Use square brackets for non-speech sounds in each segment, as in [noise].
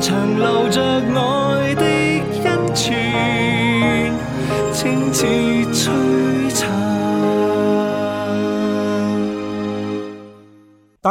大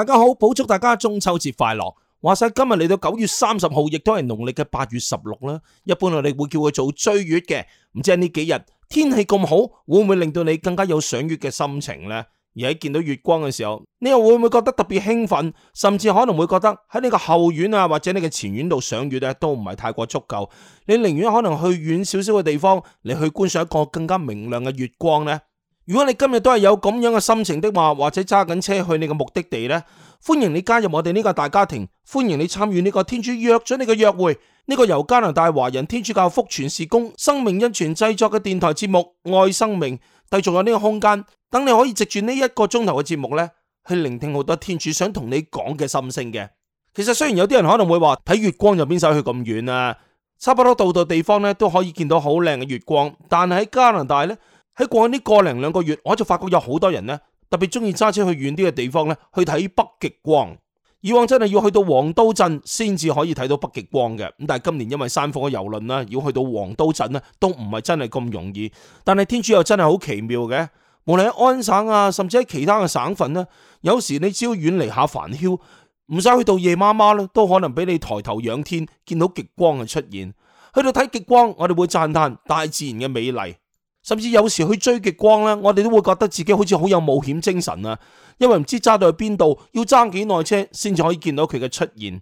家好，保祝大家中秋節快樂！話晒今日嚟到九月三十號，亦都係農曆嘅八月十六啦。一般我哋會叫佢做追月嘅。唔知喺呢幾日天氣咁好，會唔會令到你更加有賞月嘅心情呢？而喺見到月光嘅時候，你又會唔會覺得特別興奮？甚至可能會覺得喺你個後院啊，或者你嘅前院度賞月咧、啊，都唔係太過足夠。你寧願可能去遠少少嘅地方你去觀賞一個更加明亮嘅月光呢。如果你今日都係有咁樣嘅心情的話，或者揸緊車去你嘅目的地呢，歡迎你加入我哋呢個大家庭，歡迎你參與呢個天主約咗你嘅約會。呢、這個由加拿大華人天主教福傳事工生命恩泉製作嘅電台節目《愛生命》。繼續有呢個空間，等你可以藉住呢一個鐘頭嘅節目咧，去聆聽好多天主想同你講嘅心聲嘅。其實雖然有啲人可能會話，睇月光又邊使去咁遠啊，差不多到到地方咧都可以見到好靚嘅月光。但係喺加拿大咧，喺過去呢個零兩個月，我就發覺有好多人咧特別中意揸車去遠啲嘅地方咧去睇北極光。以往真係要去到黃刀鎮先至可以睇到北極光嘅，咁但係今年因為山火嘅遊輪啦，要去到黃刀鎮呢都唔係真係咁容易。但係天主又真係好奇妙嘅，無論喺安省啊，甚至喺其他嘅省份呢，有時你只要遠離下繁囂，唔使去到夜媽媽咧，都可能俾你抬頭仰天見到極光嘅出現。去到睇極光，我哋會讚嘆大自然嘅美麗。甚至有時去追極光咧，我哋都會覺得自己好似好有冒險精神啊！因為唔知揸到去邊度，要爭幾耐車先至可以見到佢嘅出現。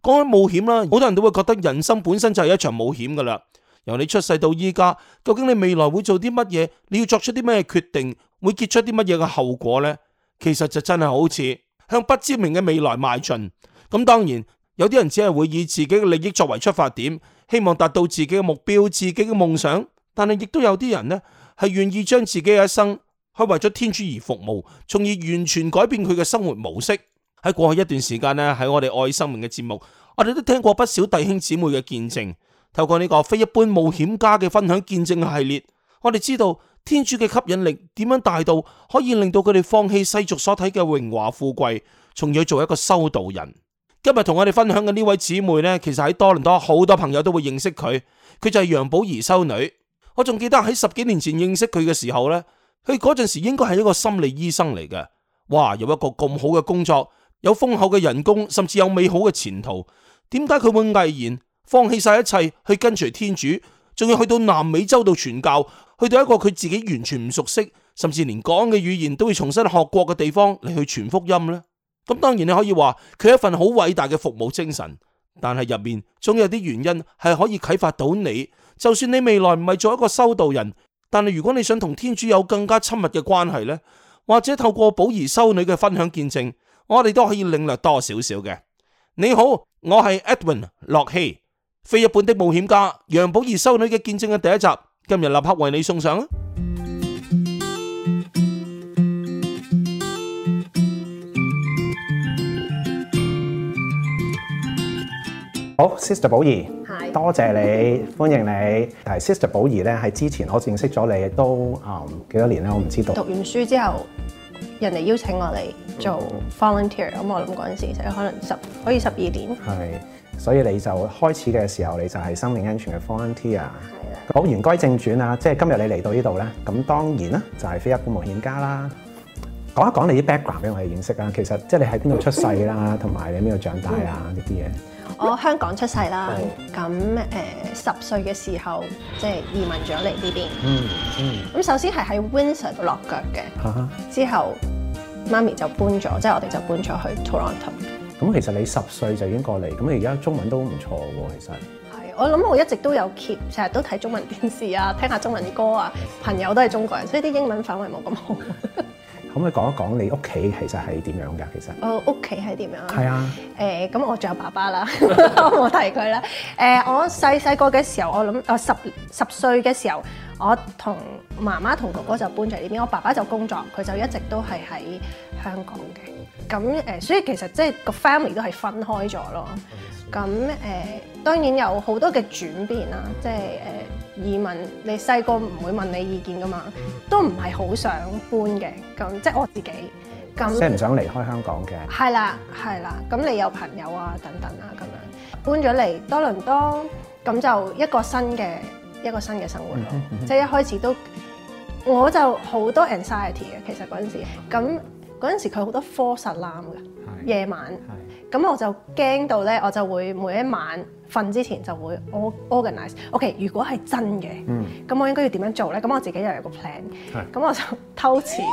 講起冒險啦，好多人都會覺得人生本身就係一場冒險噶啦。由你出世到依家，究竟你未來會做啲乜嘢？你要作出啲咩決定？會結出啲乜嘢嘅後果呢？其實就真係好似向不知名嘅未來邁進。咁當然，有啲人只係會以自己嘅利益作為出發點，希望達到自己嘅目標、自己嘅夢想。但係亦都有啲人呢，係願意將自己嘅一生去為咗天主而服務，從而完全改變佢嘅生活模式。喺過去一段時間呢，喺我哋愛生命嘅節目，我哋都聽過不少弟兄姊妹嘅見證。透過呢個非一般冒險家嘅分享見證系列，我哋知道天主嘅吸引力點樣大到可以令到佢哋放棄世俗所睇嘅榮華富貴，從而做一個修道人。今日同我哋分享嘅呢位姊妹呢，其實喺多倫多好多朋友都會認識佢，佢就係楊寶儀修女。我仲記得喺十幾年前認識佢嘅時候呢，佢嗰陣時應該係一個心理醫生嚟嘅。哇，有一個咁好嘅工作，有豐厚嘅人工，甚至有美好嘅前途，點解佢會毅然放棄晒一切去跟隨天主，仲要去到南美洲度傳教，去到一個佢自己完全唔熟悉，甚至連講嘅語言都會重新學過嘅地方嚟去傳福音呢？咁當然你可以話佢係一份好偉大嘅服務精神。但係入面總有啲原因係可以啟發到你，就算你未來唔係做一個修道人，但係如果你想同天主有更加親密嘅關係呢，或者透過寶儀修女嘅分享見證，我哋都可以領略多少少嘅。你好，我係 Edwin 駱曦，非日本的冒險家，楊寶儀修女嘅見證嘅第一集，今日立刻為你送上。好，Sister 寶儀，係，Hi. 多謝你，歡迎你。誒，Sister 寶儀咧，喺之前我似認識咗你都誒幾、嗯、多年咧，我唔知道。讀完書之後，人哋邀請我嚟做 volunteer，咁、mm hmm. 嗯、我諗嗰陣時就可能十可以十二年。係，所以你就開始嘅時候你就係生命安全嘅 volunteer。係啦的。好，言歸正傳啊，即係今日你嚟到呢度咧，咁當然啦，就係、是、非一般冒險家啦。講一講你啲 background 俾我哋認識啊。其實即係你喺邊度出世啦，同埋你喺邊度長大啊呢啲嘢。Mm hmm. 我香港出世啦，咁誒、哦呃、十歲嘅時候即係、就是、移民咗嚟呢邊。嗯嗯。咁、嗯、首先係喺 Windsor 度落腳嘅，啊、之後媽咪就搬咗，即、就、係、是、我哋就搬咗去 Toronto。咁其實你十歲就已經過嚟，咁你而家中文都唔錯喎，其實。係，我諗我一直都有 keep，成日都睇中文電視啊，聽下中文歌啊，朋友都係中國人，所以啲英文反而冇咁好。 [laughs] 咁你講一講你屋企其實係點樣㗎？其實哦，屋企係點樣？係啊。誒、呃，咁我仲有爸爸啦，冇 [laughs] [laughs] 提佢啦。誒、呃，我細細個嘅時候，我諗啊十十歲嘅時候，我同媽媽同哥哥就搬咗嚟呢邊，我爸爸就工作，佢就一直都係喺香港嘅。咁誒、呃，所以其實即係個 family 都係分開咗咯。咁誒。呃當然有好多嘅轉變啦，即係誒、呃，移民你細個唔會問你意見㗎嘛，都唔係好想搬嘅，咁即係我自己咁。即係唔想離開香港嘅。係啦，係啦，咁你有朋友啊，等等啊，咁樣搬咗嚟多倫多，咁就一個新嘅一個新嘅生活咯。即係、mm hmm. 一開始都我就好多 anxiety 嘅，其實嗰陣時，咁嗰陣時佢好多 full slam 嘅夜晚上。Mm hmm. 咁我就驚到咧，我就會每一晚瞓之前就會 organize。OK，如果係真嘅，咁、嗯、我應該要點樣做咧？咁我自己又有一個 plan 是。咁我就偷錢，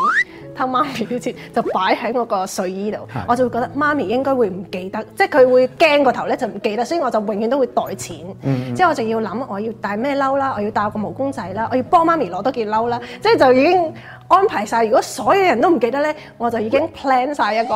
偷媽咪啲錢，就擺喺我個睡衣度。是我就會覺得媽咪應該會唔記得，即係佢會驚過頭咧，就唔記得。所以我就永遠都會袋錢。嗯嗯，即係我仲要諗，我要帶咩褸啦，我要帶個毛公仔啦，我要幫媽咪攞多件褸啦。即係就已經安排晒。如果所有人都唔記得咧，我就已經 plan 晒一個。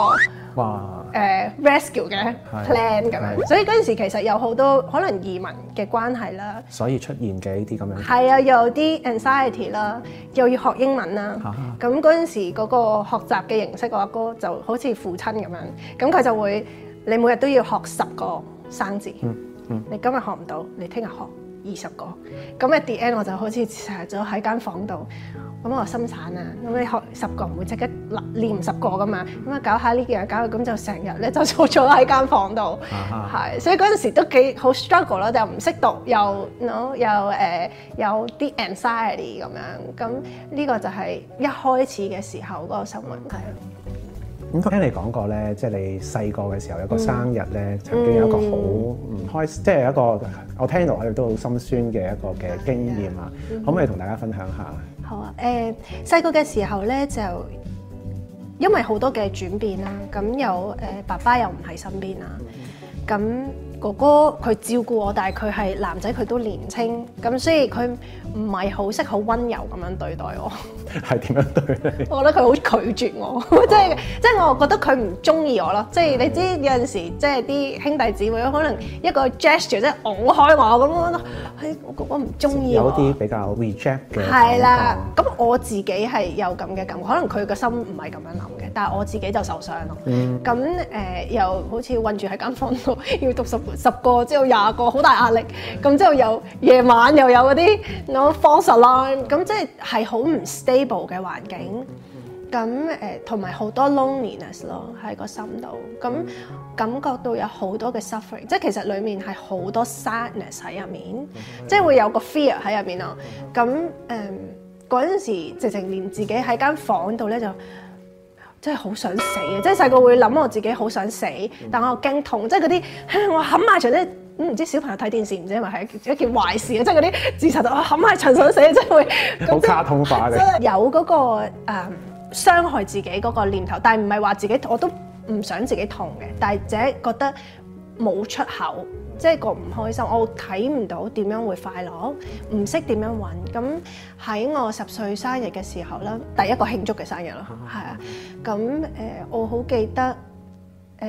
哇誒、uh, rescue 嘅 plan 咁的樣，的所以嗰陣時其實有好多可能移民嘅關係啦，所以出現嘅呢啲咁樣，係啊，有啲 anxiety 啦，又要學英文啦，咁嗰陣時嗰個學習嘅形式，我阿哥就好似父親咁樣，咁佢就會你每日都要學十個生字，嗯嗯，嗯你今日學唔到，你聽日學。二十個，咁一 d n 我就好似坐咗喺間房度，咁我心散啊！咁你學十個唔會即刻練十個噶嘛，咁啊搞下呢件搞，搞下咁就成日咧就坐咗喺間房度，係、啊哈，所以嗰陣時都幾好 struggle 咯，就唔識讀，又 you no know, 又誒、呃、有啲 anxiety 咁樣，咁呢個就係一開始嘅時候嗰個生活哈咁聽你講過咧，即係你細個嘅時候有個生日咧，嗯、曾經有一個好唔開心，即係一個我聽落去都好心酸嘅一個嘅經驗啊，嗯、可唔可以同大家分享下？好啊，誒細個嘅時候咧就因為好多嘅轉變啦，咁有誒，呃，爸爸又唔喺身邊啦，咁。哥哥佢照顧我，但係佢係男仔，佢都年青，咁所以佢唔係好識好溫柔咁樣對待我。係點樣對？我覺得佢好拒絕我，即係即係我覺得佢唔中意我咯、就是 Yes.。即係你知有陣時，即係啲兄弟姊妹可能一個 gesture 即係推開我咁咯，係、哎、我哥哥唔中意我。有一啲比較 reject 嘅係啦。咁我自己係有咁嘅感覺，可能佢個心唔係咁樣諗嘅，但係我自己就受傷咯。咁誒、mm. 呃、又好似困住喺間房度要讀十。十個之後廿個，好大壓力。咁之後有夜晚又有嗰啲嗰 false alarm，咁即係係好唔 stable 嘅環境。咁誒同埋好多 loneliness 咯，喺個心度。咁感覺到有好多嘅 suffering，即係其實裡面係好多 sadness 喺入面，mm hmm. 即係會有個 fear 喺入面咯。咁誒嗰陣時，直情連自己喺間房度咧就。真係好想死啊！即係細個會諗我自己好想死，但我又驚痛，即係嗰啲我冚埋場咧，唔、嗯、知小朋友睇電視唔知係咪係一件壞事嘅，即係嗰啲自殺到我冚埋場想死，真係會好卡通化嘅。有嗰、那個誒、嗯、傷害自己嗰個念頭，但係唔係話自己我都唔想自己痛嘅，但係自己覺得冇出口。即係個唔開心，我睇唔到點樣會快樂，唔識點樣揾。咁喺我十歲生日嘅時候啦，第一個慶祝嘅生日咯，係啊。咁誒，我好記得誒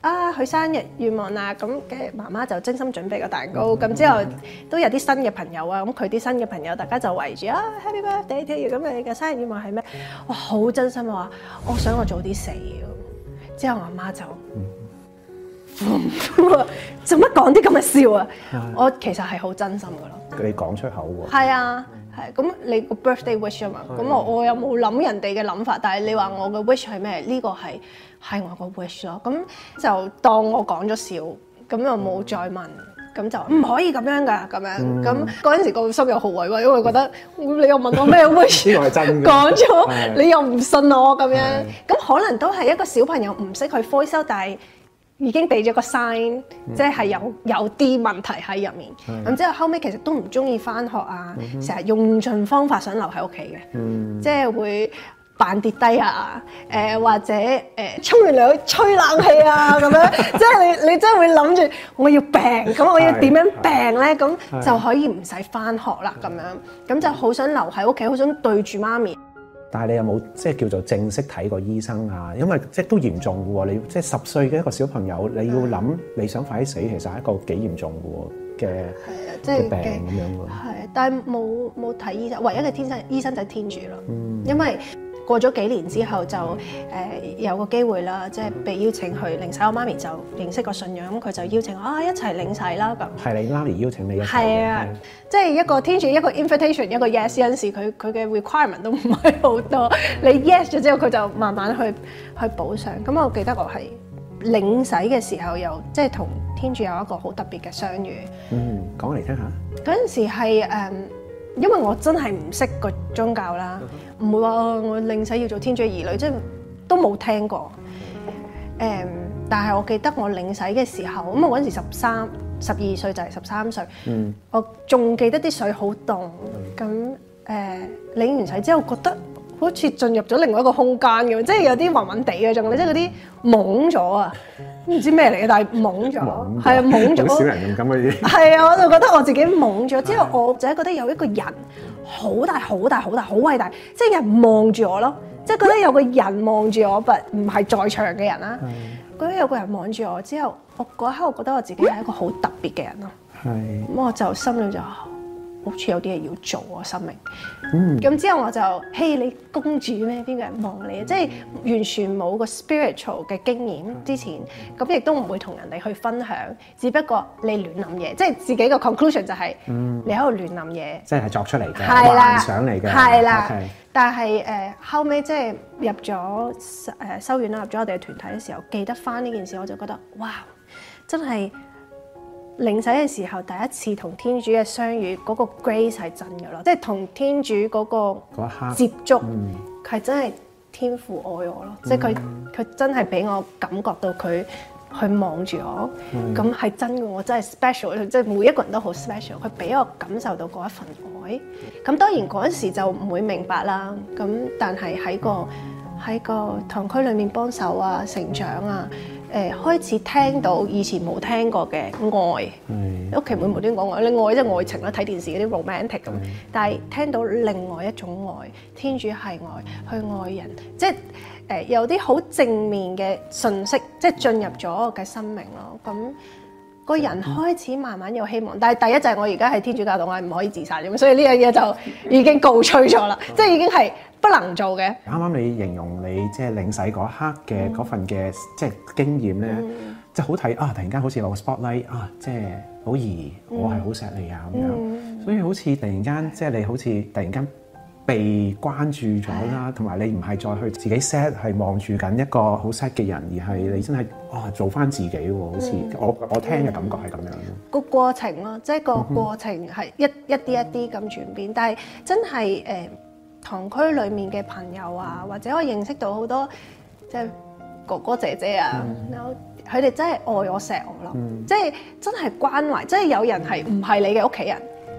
啊，佢生日願望啊，咁嘅媽媽就精心準備個蛋糕。咁之後都有啲新嘅朋友啊，咁佢啲新嘅朋友，大家就圍住啊，Happy Birthday！咁你嘅生日願望係咩？哇，好真心話，我想我早啲死。之後我媽就。做乜講啲咁嘅笑啊？我其實係好真心噶咯。你講出口喎。係啊，係。咁你個 birthday wish 啊嘛。咁我我有冇諗人哋嘅諗法？但係你話我嘅 wish 係咩？呢個係係我個 wish 咯。咁就當我講咗笑，咁又冇再問。咁就唔可以咁樣噶，咁樣咁嗰陣時個心又好委屈，因為覺得你又問我咩 wish？呢個係真嘅。講咗，你又唔信我咁樣。咁可能都係一個小朋友唔識去分手，但係。已經俾咗個 sign，即係有有啲問題喺入面。咁之、嗯、後後尾其實都唔中意翻學啊，成日、嗯、用盡方法想留喺屋企嘅，嗯、即係會扮跌低啊，誒、呃、或者誒沖完涼吹冷氣啊咁樣， [laughs] 即係你你真係會諗住我要病，咁我要點樣病咧？咁是就可以唔使翻學啦咁是樣，咁是就好想留喺屋企，好想對住媽咪。但係你有冇即係叫做正式睇過醫生啊？因為即係都嚴重嘅喎，你即係十歲嘅一個小朋友，你要諗你想快啲死，其實係一個幾嚴重嘅、即係、病咁樣。係，但係冇冇睇醫生，唯一嘅天生醫生就係天主啦，嗯、因為。過咗幾年之後就誒、呃、有個機會啦，即係被邀請去領洗，我媽咪就認識個信仰，咁佢就邀請我啊一齊領洗啦。咁係你媽咪邀請你？係啊，啊即係一個天主、er, 一個 invitation，一個 yes 嗰陣時，佢佢嘅 requirement 都唔係好多。 [laughs] 你 yes 咗之後，佢就慢慢去去補上。咁我記得我係領洗嘅時候，又即係同天主有一個好特別嘅相遇。嗯，講嚟聽下。嗰陣時係因為我真係唔識個宗教啦，唔會話我領洗要做天主兒女，即係都冇聽過。誒、um,，但係我記得我領洗嘅時候，咁我嗰陣時十三、十二歲就係十三歲，嗯、我仲記得啲水好凍，咁誒、嗯 uh, 領完洗之後覺得，好似進入咗另外一個空間咁，即係有啲暈暈地嘅狀態，即係啲懵咗啊，唔知咩嚟嘅，但係懵咗，係啊，懵咗。好少 [laughs] 人咁嘅嘢。係啊，我就覺得我自己懵咗，之後我就係覺得有一個人好大、好大、好大、好偉大，即係人望住我咯，即係覺得有個人望住我不唔係在場嘅人啦。是覺得有個人望住我之後，我嗰刻我覺得我自己係一個好特別嘅人咯。係是。咁我就心裏就。好似有啲嘢要做啊，生命。嗯，咁之後我就，嘿、hey，你公主咩？邊個人望你啊？嗯、即係完全冇個 spiritual 嘅經驗之前，咁、嗯嗯、亦都唔會同人哋去分享。只不過你亂諗嘢，即係自己個 conclusion 就係、是，嗯、你喺度亂諗嘢，即係作出嚟嘅的幻想嚟嘅，係啦。但係誒、呃、後尾即係入咗誒、uh, 修院啦，入咗我哋嘅團體嘅時候，記得返呢件事，我就覺得，哇！真係～領洗嘅時候，第一次同天主嘅相遇，嗰、嗰個 grace 係真嘅咯，即係同天主嗰個接觸，佢、嗯、真係天父愛我咯，即係佢佢真係俾我感覺到佢去望住我，咁係、嗯、真嘅，我真係 special，即係每一個人都好 special，佢俾我感受到嗰一份愛。咁當然嗰陣時就唔會明白啦，咁但係喺個喺個堂區裏面幫手啊、成長啊。誒開始聽到以前冇聽過嘅愛，屋企唔會無端講愛，你愛即係愛情啦，睇電視嗰啲 romantic 咁，但係聽到另外一種愛，天主係愛，去愛人，即係誒有啲好正面嘅信息，即係進入咗我嘅生命咯，咁。個人開始慢慢有希望，但係第一就係、是、我而家係天主教徒，我係唔可以自殺。咁所以呢樣嘢就已經告吹咗啦，嗯、即係已經係不能做嘅。啱啱你形容你即係領洗嗰刻嘅嗰份嘅即係經驗咧，即係、嗯、好睇啊！突然間好似落個 spotlight 啊，即係好易，我係好錫你啊咁、嗯、樣，嗯、所以好似突然間即係你好似突然間。被關注咗啦，同埋你唔係再去自己 set 係望住緊一個好 set 嘅人，而係你真係哇、哦、做翻自己喎，好似、嗯、我我聽嘅感覺係咁樣。嗯嗯、過個過程咯，即係個過程係一點一啲一啲咁轉變，但係真係誒，堂、呃、區裡面嘅朋友啊，或者我認識到好多即係、就是、哥哥姐姐啊，佢哋、嗯、真係愛我錫我咯，嗯嗯、即係真係關懷，即係有人係唔係你嘅屋企人。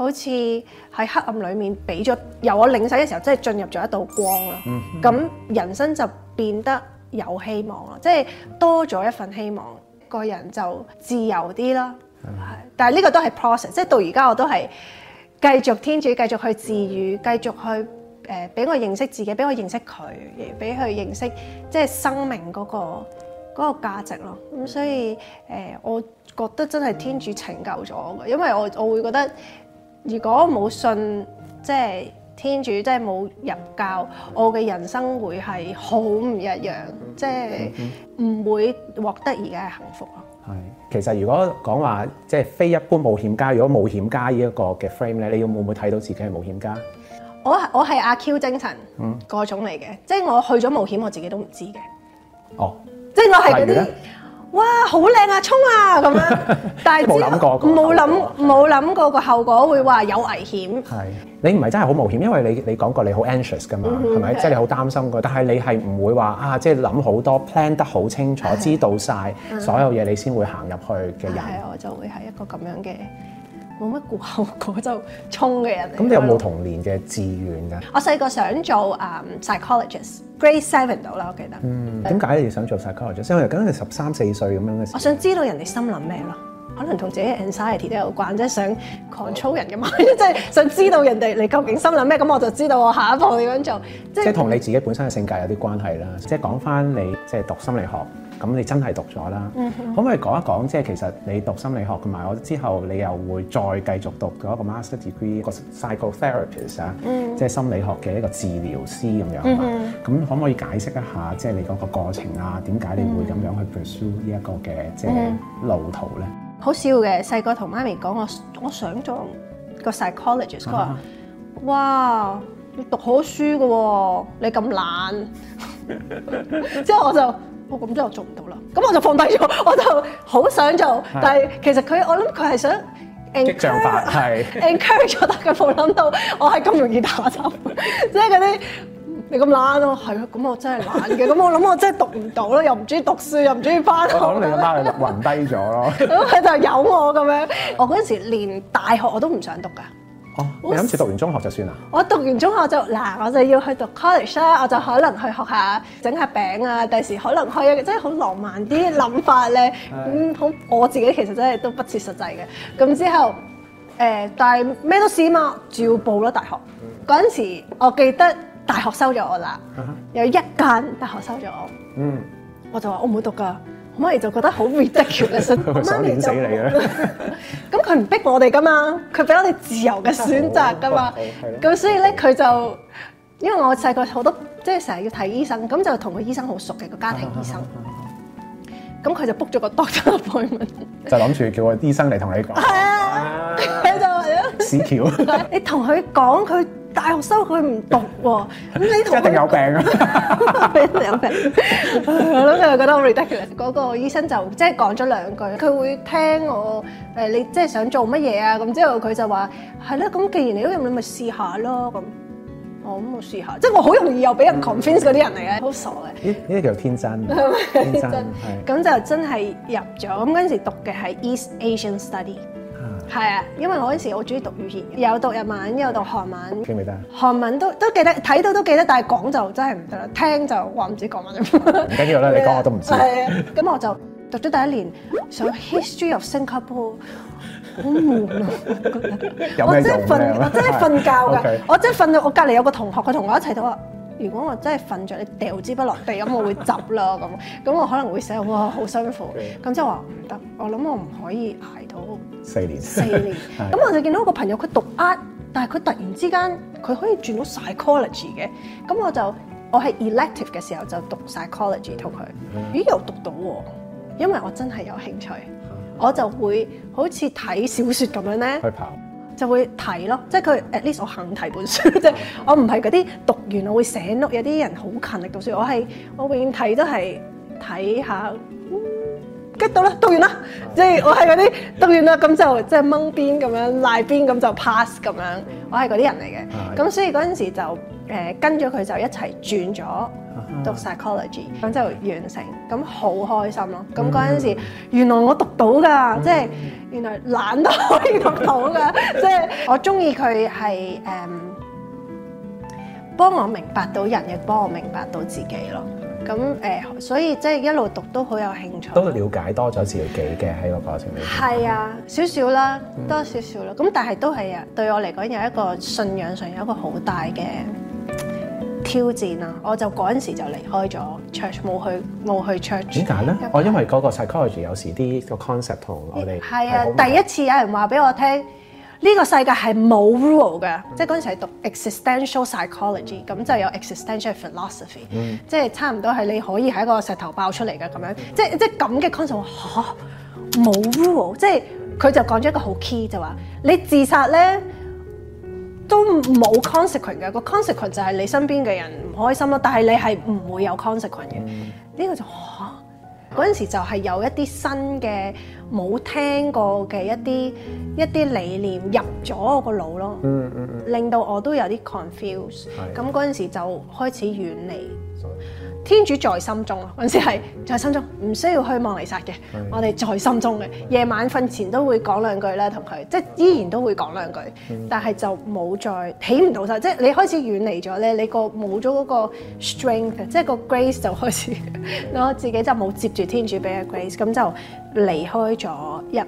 好似喺黑暗裏面俾咗由我領洗嘅時候，真、就、係、是、進入咗一道光咯。咁、嗯嗯、人生就變得有希望咯，即、就、係、是、多咗一份希望，個人就自由啲啦。係、嗯，但係呢個都係 process，即係到而家我都係繼續天主繼續去治癒，繼續去誒俾、呃、我認識自己，俾我認識佢，俾佢認識即係生命嗰、那個嗰、那個、價值咯。咁、嗯、所以誒、呃，我覺得真係天主拯救咗我，因為我我會覺得。如果冇信，即係天主，即係冇入教，我嘅人生會係好唔一樣，即係唔會獲得而家嘅幸福咯。係，其實如果講話即係非一般冒險家，如果冒險家呢一個嘅 frame 咧，你要會唔會睇到自己係冒險家？我我係阿 Q 精神，嗯，個種嚟嘅，即係我去咗冒險，我自己都唔知嘅。哦，即係我係嗰啲。哇，好靚啊，衝啊咁樣，但係冇諗過，冇諗冇諗過個後果會話有危險。係，你唔係真係好冒險，因為你你講過你好 anxious 㗎嘛，係咪、嗯哼？即係你好擔心㗎，但係你係唔會話啊，即係諗好多 plan 得好清楚，的知道晒所有嘢，你先會行入去嘅人。係，我就會係一個咁樣嘅。冇乜顧後果就衝嘅人。咁你有冇童年嘅志願㗎？我細個想做誒、um, psychologist，grade seven 到啦，我記得。嗯，點解對你要想做 psychologist？因為我哋講緊你十三四歲咁樣嘅。我想知道人哋心諗咩咯？可能同自己嘅 anxiety 都有關，即係想 control 人嘅嘛？即 [laughs] 係想知道人哋你究竟心諗咩，咁我就知道我下一步點樣做。即係同你自己本身嘅性格有啲關係啦。即係講翻你即係讀心理學。咁你真係讀咗啦，mm hmm. 可唔可以講一講？即係其實你讀心理學同埋我之後，你又會再繼續讀咗個 master degree 個 psychotherapist 啊、mm，hmm. 即係心理學嘅一個治療師咁、mm hmm. 樣啊。咁可唔可以解釋一下，即係你嗰個過程啊？點解你會咁樣去 pursue 呢一個嘅即係路途咧？好笑嘅，細個同媽咪講我我想做個 psychologist，佢話：哇，你讀好書㗎喎，你咁懶。之 [laughs] 後我就。.我咁之後做唔到啦，咁我就放低咗，我就好想做，的但係其實佢我諗佢係想激將法，係 encourage 咗，但佢冇諗到我係咁容易打攪，即係嗰啲你咁懶咯、啊，係咯，咁我真係懶嘅，咁 [laughs] 我諗我真係讀唔到啦，又唔中意讀書，又唔中意返學，我諗你媽係暈低咗咯，佢 [laughs] [laughs] 就有我咁樣， [laughs] 我嗰陣時連大學我都唔想讀噶。Oh, 你諗住讀完中學就算啦？我讀完中學就嗱，我就要去讀 college 啦，我就可能去學下整下餅啊，第時可能去真係好浪漫啲諗法咧。咁好、 [laughs] 嗯，我自己其實真係都不切實際嘅。咁之後誒、呃，但係咩都試嘛，照報啦大學。嗰陣、嗯、時我記得大學收咗我啦，uh huh. 有一間大學收咗我。嗯，我就話我唔會讀噶。媽咪就覺得好 ridiculous，手錶唔使你咧。咁佢唔逼我哋㗎嘛，佢俾我哋自由嘅選擇㗎嘛。咁、啊啊啊啊、所以咧，佢就因為我細個好多即係成日要睇醫生，咁就同個醫生好熟嘅、嗰個家庭醫生。咁佢就 book 咗個 doctor appointment，就諗住叫個醫生嚟同你講。係 [laughs] 啊，啊，啊，啊，啊，啊， [laughs] [laughs] 你就係咯。屎橋！你同佢講佢。大學生佢唔讀喎、哦，咁你同我一定有病啊！一定有病，我諗佢又覺得好 ridiculous。嗰個醫生就即係、就是、講咗兩句，佢會聽我誒、呃，你即係想做乜嘢啊？咁之後佢就話：係、嗯、啦，咁既然你都入，你咪試下咯咁。我咁我試下，即係我好容易又俾人 convince 嗰啲、嗯、人嚟嘅，好傻嘅。咦？呢啲叫 [laughs] 天真的， [laughs] 天真係的。咁的 [laughs] 就真係入咗。咁嗰陣時讀嘅係 East Asian Study。係啊，因為我嗰陣時我中意讀語言，有讀日文，有讀韓文。記唔記得啊？韓文都都記得，睇到都記得，但係講就真係唔得啦。聽就話唔知講乜。唔緊要啦，你講我都唔知。係啊，咁我就讀咗第一年上 History of Singapore，好悶啊！我真係瞓，我真係瞓覺㗎。我真係瞓到我隔離有個同學，佢同我一齊都話。如果我真係瞓着，你掉支筆落地咁，我會執啦咁，咁我可能會寫，哇好辛苦。咁即係話唔得，我諗我唔可以挨到四年四年，咁年 [laughs] 我就見到一個朋友佢讀 Art，但係佢突然之間佢可以轉到 Psychology 嘅，咁我就我係 Elective 嘅時候就讀 Psychology 同佢、嗯、咦又讀到喎，因為我真係有興趣， [laughs] 我就會好似睇小説咁樣咧。去跑就會睇咯，即係佢 at least 我肯睇本書，即係我唔係嗰啲讀完我會醒。屋有啲人好勤力讀書，我係我永遠睇都係睇下，get 到啦，讀完啦，即係我係嗰啲讀完啦，咁就即係掹邊咁樣，賴邊咁就 pass 咁樣，我係嗰啲人嚟嘅。咁的所以嗰陣時就誒、呃、跟咗佢就一齊轉咗。讀 psychology，咁就、嗯、完成，咁好開心咯！咁嗰陣時，嗯、原來我讀到㗎，嗯、即係原來懶都可以讀到㗎， [laughs] 即係我中意佢係誒幫我明白到人，亦幫我明白到自己咯。咁誒、呃，所以即係一路讀都好有興趣，都了解多咗自己嘅喺個過程裏邊。係啊，少少啦，多少少啦。咁、嗯、但係都係啊，對我嚟講有一個信仰上有一個好大嘅。挑戰啊！我就嗰陣時就離開咗 church，冇去冇去 church。點解咧？我因為嗰個 psychology 有時啲個 concept 同我哋係啊，第一次有人話俾我聽，呢、呢個世界係冇 rule 嘅，嗯、即係嗰陣時係讀 existential psychology，咁就有 existential philosophy、嗯、即係差唔多係你可以喺一個石頭爆出嚟嘅咁樣，嗯、即係即係咁嘅 concept 冇 rule，即係佢就講咗一個好 key 就話你自殺咧。都冇 consequent 嘅，個 consequent 就係你身邊嘅人唔開心咯。但係你係唔會有 consequent 嘅，呢個就嚇。嗰陣、啊、時就係有一啲新嘅冇聽過嘅一啲一啲理念入咗我個腦咯，嗯嗯嗯，令到我都有啲 confused。咁嗰陣時就開始遠離。天主在心中啊，嗰陣時係在心中，唔需要去望彌撒嘅。是的 我哋在心中嘅，夜是的 晚瞓前都會講兩句啦，同佢即係依然都會講兩句，但係就冇再起唔到晒。即係你開始遠離咗咧，你個冇咗嗰個 strength，即係個 grace 就開始，是的 [laughs] 我自己就冇接住天主俾嘅 grace，咁就離開咗一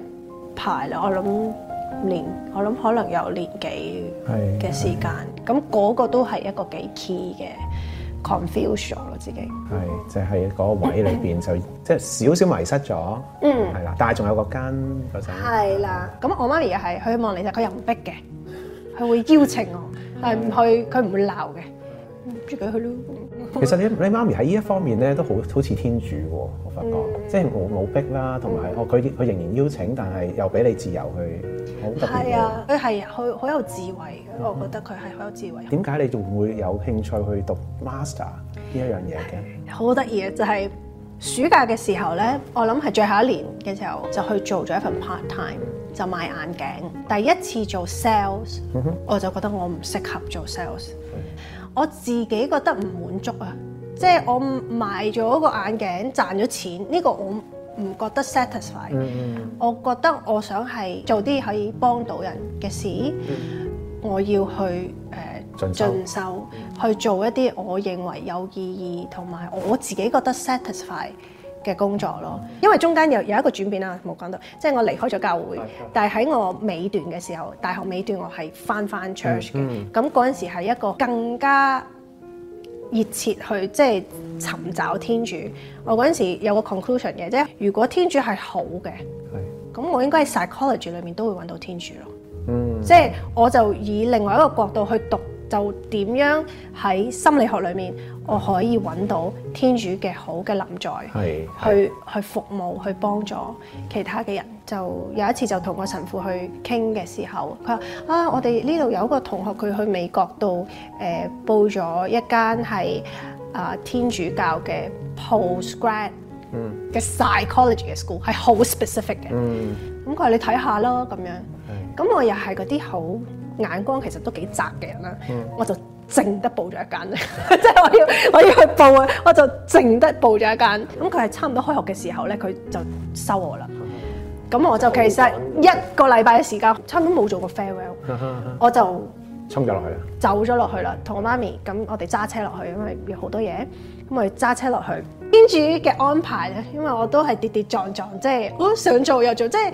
排啦。我諗年，我諗可能有年幾嘅時間，咁嗰個都係一個幾 key 嘅。confusion 咯，自己係就喺嗰個位裏邊就即係少少迷失咗，係啦，但係仲有個間，係啦，咁我媽咪又係，佢望嚟就佢又唔逼嘅，佢會邀請我，但係唔去佢唔會鬧嘅，自己去咯。其實你你媽咪喺呢一方面咧都好好似天主喎，我發覺，嗯、即係我冇逼啦，同埋哦佢佢仍然邀請，但係又俾你自由去，好得意。係啊，佢係好好有智慧嘅，我覺得佢係好有智慧。點解，嗯、你仲會有興趣去讀 master 呢一樣嘢嘅。好得意嘅就係、是，暑假嘅時候咧，我諗係最後一年嘅時候就去做咗一份 part time，就賣眼鏡。第一次做 sales，我就覺得我唔適合做 sales。我自己覺得唔滿足啊，即係我賣咗個眼鏡賺咗錢，呢、這個我唔覺得 satisfy 我覺得我想係做啲可以幫到人嘅事，嗯嗯、我要去誒進修進修去做一啲我認為有意義同埋我自己覺得 satisfied 嘅工作咯，因為中間有有一個轉變啦，冇講到，即係我離開咗教會， [noise] 但係喺我尾段嘅時候，大學尾段我係翻翻 church 嘅，咁嗰陣時係一個更加熱切去即係尋找天主。我嗰陣時有個 conclusion 嘅，即係如果天主係好嘅，係咁 [noise] 我應該喺 psychology 裏面都會揾到天主咯。嗯， [noise] 即係我就以另外一個角度去讀，就點樣喺心理學裏面。我可以揾到天主嘅好嘅臨在，去去服務去幫助其他嘅人。就有一次就同我神父去傾嘅時候，佢話：啊，我哋呢度有一個同學佢去美國度誒、呃、報咗一間係啊、呃、天主教嘅 postgrad 嘅、嗯、psychology 嘅 school 係好 specific 嘅。咁佢話你睇下囉咁樣。咁是我又係嗰啲好眼光其實都幾窄嘅人啦，嗯、我就。淨得報咗一間啫，即 [laughs] 係我要我要去報啊！我就淨得報咗一間。咁佢係差唔多開學嘅時候咧，佢就收我啦。咁我就其實一個禮拜嘅時間，差唔多冇做過 farewell， [laughs] 我就衝咗落去啦。走咗落去啦，同我媽咪咁，我哋揸車落去，因為有好多嘢，咁我哋揸車落去。天主嘅安排咧，因為我都係跌跌撞撞，即係我、哦、想做又做，即係。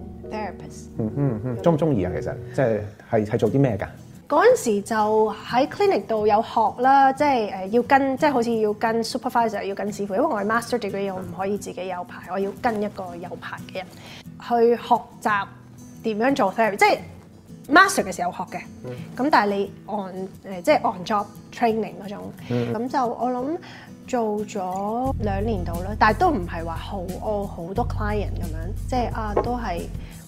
嗯嗯 Therapist 嗯，中唔中意啊？其實即係係係做啲咩㗎？嗰陣時就喺 clinic 度有學啦，即係誒要跟即係、就是、好似要跟 supervisor 要跟師傅，因為我係 master degree，、嗯、我唔可以自己有牌，我要跟一個有牌嘅人去學習點樣做 therapy，即係 master 嘅時候有學嘅。咁、嗯、但係你 on 誒即係 on job training 嗰種，咁、嗯嗯、就我諗做咗兩年度啦，但係都唔係話好哦好多 client 咁樣，即、就、係、是、啊都係。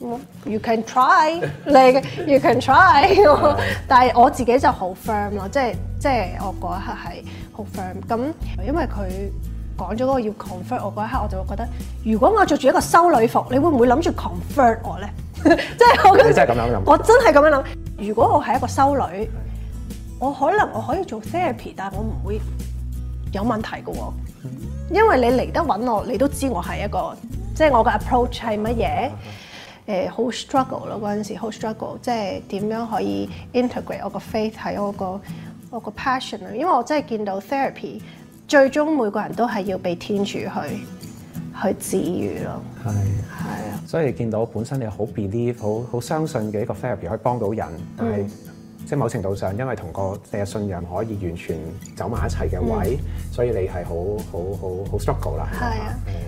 Well, you can try，你、like、嘅，you can try。 [laughs] 但係我自己就好 firm 咯、就是，即係即係我嗰一刻係好 firm。咁因為佢講咗嗰個要 convert 我嗰一刻，我就會覺得，如果我着住一個修女服，你會唔會諗住 convert 我咧？即 [laughs] 係我，我真係咁樣諗。我真係咁樣諗。如果我係一個修女，我可能我可以做 therapy，但係我唔會有問題嘅。因為你嚟得搵我，你都知我係一個，即、就、係、是、我嘅 approach 係乜嘢。誒好 struggle 咯，嗰陣、呃、時好 struggle，即係點樣可以 integrate 我個 faith 喺我個我個 passion 啊？因為我真係見到 therapy 最終每個人都係要俾天主去去治癒咯。係係啊，啊所以見到本身你好 believe、好好相信嘅一個 therapy 可以幫到人，但係即係某程度上，因為同個你嘅信仰可以完全走埋一齊嘅位，嗯、所以你係好好好好 struggle 啦。係啊。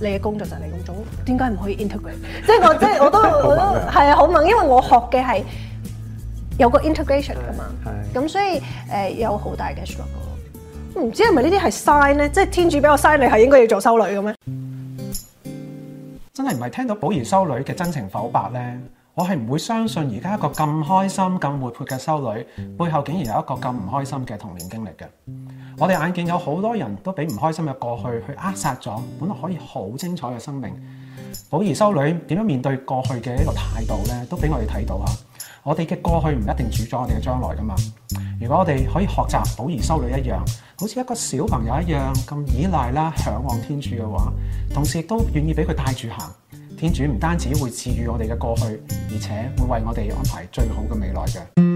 你嘅工作就係你咁做，點解唔可以 integrate？即係我，即係我都，我都係啊，好猛！因為我學嘅係有個 integration 噶嘛，咁所以誒有好大嘅 struggle。唔知係咪呢啲係 sign 咧？即係天主俾我 sign 你係應該要做修女嘅咩？真係唔係聽到保兒修女嘅真情剖白咧，我係唔會相信而家一個咁開心、咁活潑嘅修女，背後竟然有一個咁唔開心嘅童年經歷嘅。我哋眼見有好多人都俾唔開心嘅過去去扼殺咗，本來可以好精彩嘅生命。保兒修女點樣面對過去嘅一個態度呢？都俾我哋睇到啊！我哋嘅過去唔一定主宰我哋嘅將來㗎嘛。如果我哋可以學習保兒修女一樣，好似一個小朋友一樣咁依賴啦、嚮往天主嘅話，同時亦都願意俾佢帶住行。天主唔單止會治癒我哋嘅過去，而且會為我哋安排最好嘅未來嘅。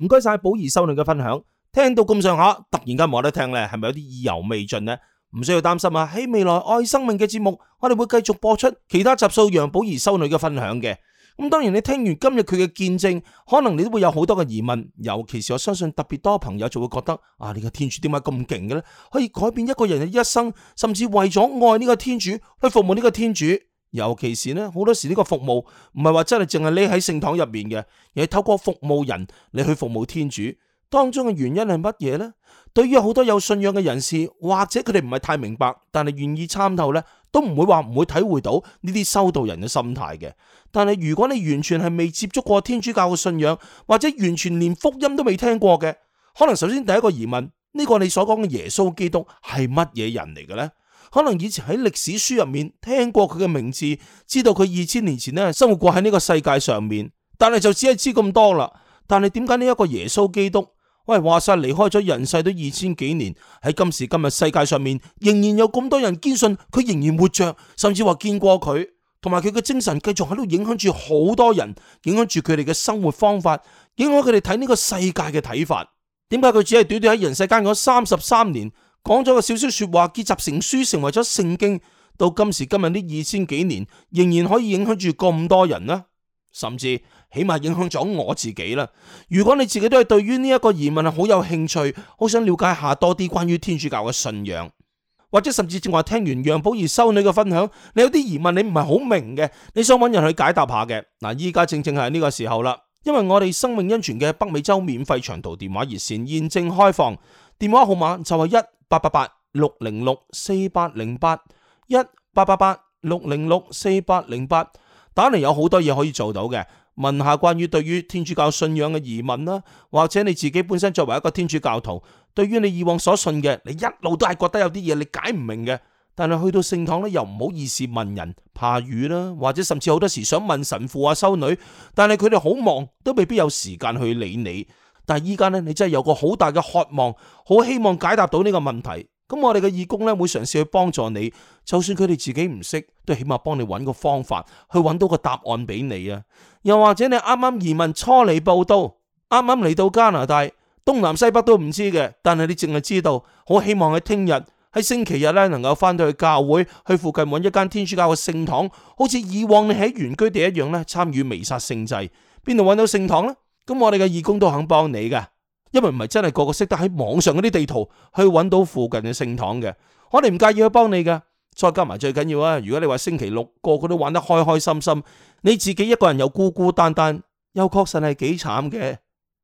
唔該晒寶儀修女嘅分享，聽到咁上下，突然間冇得聽咧，係咪有啲意猶未盡呢？唔需要擔心啊！喺未來愛生命嘅節目，我哋會繼續播出其他集數，讓寶儀修女嘅分享嘅。咁當然，你聽完今日佢嘅見證，可能你都會有好多嘅疑問，尤其是我相信特別多朋友就會覺得，啊，呢個天主點解咁勁嘅咧？可以改變一個人嘅一生，甚至為咗愛呢個天主去服務呢個天主。尤其是咧，好多時呢個服務唔係話真係淨係匿喺聖堂入面嘅，而係透過服務人你去服務天主。當中嘅原因係乜嘢呢？對於好多有信仰嘅人士，或者佢哋唔係太明白，但係願意參透呢，都唔會話唔會體會到呢啲修道人嘅心態嘅。但係如果你完全係未接觸過天主教嘅信仰，或者完全連福音都未聽過嘅，可能首先第一個疑問：呢個你所講嘅耶穌基督係乜嘢人嚟嘅呢？可能以前喺歷史書入面聽過佢嘅名字，知道佢二千年前呢生活過喺呢個世界上面，但係就只係知咁多啦。但係點解呢一個耶穌基督，喂話晒離開咗人世都二千幾年，喺今時今日世界上面仍然有咁多人堅信佢仍然活着，甚至話見過佢，同埋佢嘅精神繼續喺度影響住好多人，影響住佢哋嘅生活方法，影響佢哋睇呢個世界嘅睇法。點解佢只係短短喺人世間嗰三十三年，講咗個少少說話，結集成書，成為咗聖經。到今時今日呢二千幾年，仍然可以影響住咁多人啦，甚至起碼影響咗我自己啦。如果你自己都係對於呢一個疑問好有興趣，好想了解下多啲關於天主教嘅信仰，或者甚至正話聽完楊寶儀修女嘅分享，你有啲疑問你唔係好明嘅，你想揾人去解答下嘅嗱，依家正正係呢個時候啦，因為我哋生命恩泉嘅北美洲免費長途電話熱線現正開放，電話號碼就係一。八八八六零六四八零八一八八八六零六四八零八，打嚟有好多嘢可以做到嘅，問下關於對於天主教信仰嘅疑問啦，或者你自己本身作為一個天主教徒，對於你以往所信嘅，你一路都係覺得有啲嘢你解唔明嘅，但係去到聖堂咧又唔好意思問人，怕語啦，或者甚至好多時想問神父啊修女，但係佢哋好忙，都未必有時間去理你。但係依家咧，你真係有個好大嘅渴望，好希望解答到呢個問題。咁我哋嘅義工咧會嘗試去幫助你，就算佢哋自己唔識，都起碼幫你揾個方法去揾到個答案俾你啊！又或者你啱啱移民初嚟報到，啱啱嚟到加拿大，東南西北都唔知嘅，但係你淨係知道，好希望喺聽日喺星期日咧能夠翻到去教會，去附近揾一間天主教嘅聖堂，好似以往你喺原居地一樣咧參與彌撒聖祭。邊度揾到聖堂呢？咁我哋嘅義工都肯幫你㗎，因為唔係真係個個識得喺網上嗰啲地圖去搵到附近嘅聖堂嘅，我哋唔介意去幫你㗎。再加埋最緊要啊！如果你話星期六個個都玩得開開心心，你自己一個人又孤孤單單，又確實係幾慘嘅，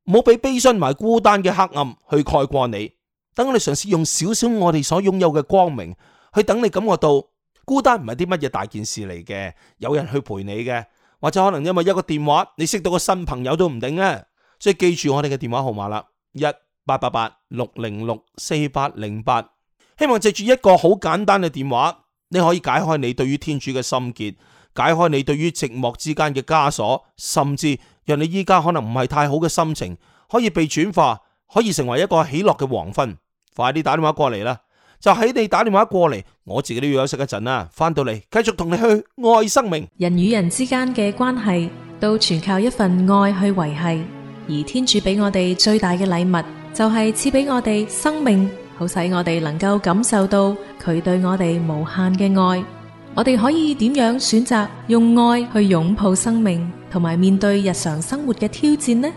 唔好俾悲傷埋孤單嘅黑暗去蓋過你。等我哋嘗試用少少我哋所擁有嘅光明，去等你感覺到孤單唔係啲乜嘢大件事嚟嘅，有人去陪你嘅。或者可能因為一個電話，你識到個新朋友都唔定呢，所以記住我哋嘅電話號碼啦，一八八八六零六四八零八。希望借住一個好簡單嘅電話，你可以解開你對於天主嘅心結，解開你對於寂寞之間嘅枷鎖，甚至讓你依家可能唔係太好嘅心情，可以被轉化，可以成為一個喜樂嘅黃昏。快啲打電話過嚟啦！就喺你打電話過嚟，我自己都要休息一陣啦。翻到嚟繼續同你去愛生命。人與人之間嘅關係，都全靠一份愛去維繫。而天主俾我哋最大嘅禮物，就係賜俾我哋生命，好使我哋能夠感受到佢對我哋無限嘅愛。我哋可以點樣選擇用愛去擁抱生命，同埋面對日常生活嘅挑戰呢？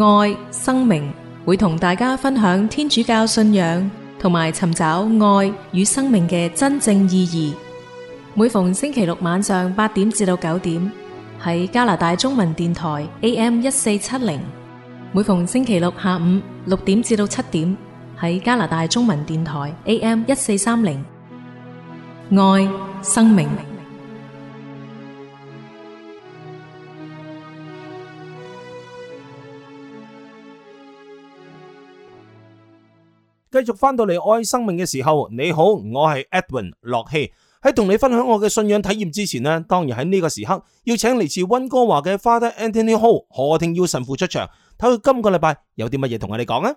愛生命會同大家分享天主教信仰，同埋尋找愛與生命嘅真正意義。每逢星期六晚上八點至到九點，喺加拿大中文電台 AM 一四七零；每逢星期六下午六點至到七點，喺加拿大中文電台 AM 一四三零。愛生命。繼續翻到嚟愛生命嘅時候，你好，我係 Edwin 駱曦，喺同你分享我嘅信仰體驗之前咧，當然喺呢個時刻要請嚟自温哥華嘅 Father Anthony Ho 何庭耀神父出場，睇佢今個禮拜有啲乜嘢同我哋講啊！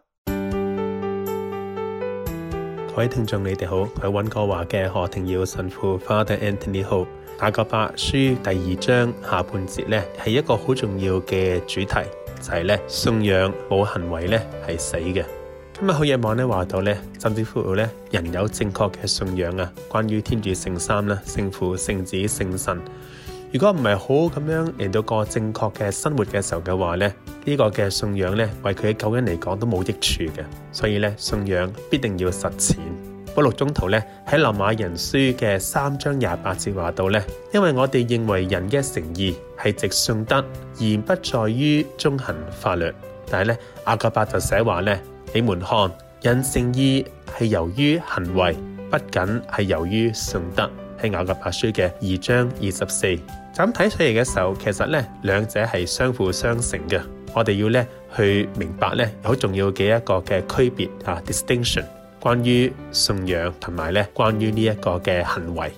各位聽眾你哋好，佢係温哥華嘅何庭耀神父 Father Anthony Ho，雅各伯書第二章下半節呢，係一個好重要嘅主題，就係呢：「信仰冇行為呢係死嘅。今日好嘢，網咧話到咧，甚至乎咧，人有正確嘅信仰啊。關於天主聖三啦，聖父、聖子、聖神。如果唔係好好咁樣嚟到個正確嘅生活嘅時候嘅話咧，呢、這個嘅信仰咧，為佢嘅救恩嚟講都冇益處嘅。所以咧，信仰必定要實踐。保祿宗徒咧喺羅馬人書嘅三章廿八節話到咧，因為我哋認為人嘅成義係直信德，而不在於中行法律。但係咧，雅各伯就寫話咧。你們看，人成義係由於行為，不僅係由於聖德，喺雅各伯書嘅二章二十四。就咁睇出嚟嘅時候，其實咧兩者係相輔相成嘅。我哋要咧去明白咧好重要嘅一個嘅區別啊，distinction。關於信仰同埋咧，關於呢一個嘅行為。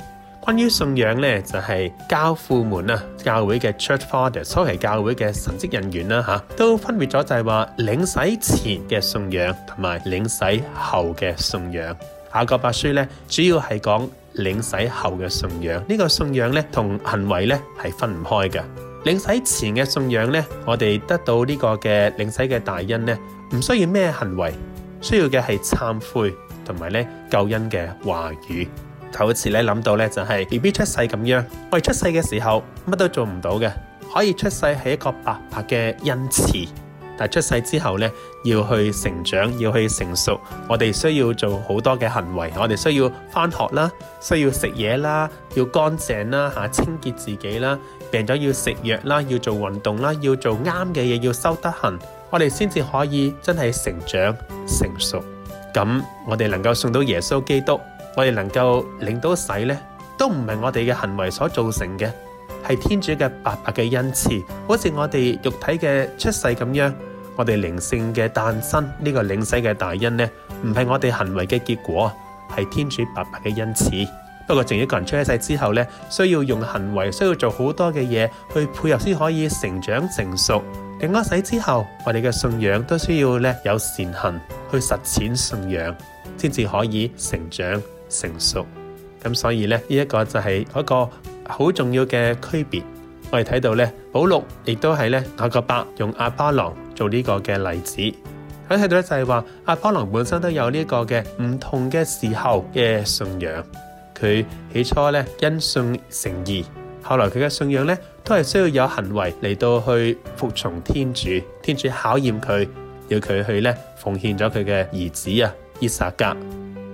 關於信仰咧，就係、是、教父們啊，教會嘅 Church Fathers，初期教會嘅神職人員啦，吓、啊、都分別咗就係話，領洗前嘅信仰同埋領洗後嘅信仰。雅各伯書咧，主要係講領洗後嘅信仰。這個、呢個信仰咧同行為咧係分唔開嘅。領洗前嘅信仰咧，我哋得到呢個嘅領洗嘅大恩咧，唔需要咩行為，需要嘅係懺悔同埋咧救恩嘅話語。頭一次咧諗到咧就係 B B 出世咁樣，我哋出世嘅時候乜都做唔到嘅，可以出世係一個白白嘅恩賜，但出世之後咧要去成長，要去成熟，我哋需要做好多嘅行為，我哋需要翻學啦，需要食嘢啦，要乾淨啦吓，清潔自己啦，病咗要食藥啦，要做運動啦，要做啱嘅嘢，要修德行，我哋先至可以真係成長成熟，咁我哋能夠送到耶穌基督。我哋能夠領到洗咧，都唔係我哋嘅行為所造成嘅，係天主嘅白白嘅恩賜。好似我哋肉體嘅出世咁樣，我哋靈性嘅誕生呢、呢個領洗嘅大恩呢，唔係我哋行為嘅結果，係天主白白嘅恩賜。不過，淨一個人出咗世之後呢，需要用行為，需要做好多嘅嘢去配合，先可以成長成熟。領咗洗之後，我哋嘅信仰都需要咧有善行去實踐信仰，先至可以成長。成熟。咁，所以咧呢一，這個就係一個好重要嘅區別。我哋睇到咧，保祿亦都係咧，雅各伯用阿巴郎做呢個嘅例子。喺睇到咧就係、是、話阿巴郎本身都有呢個嘅唔同嘅時候嘅信仰。佢起初咧因信成義，後來佢嘅信仰咧都係需要有行為嚟到去服從天主。天主考驗佢，要佢去咧奉獻咗佢嘅兒子啊，伊撒格。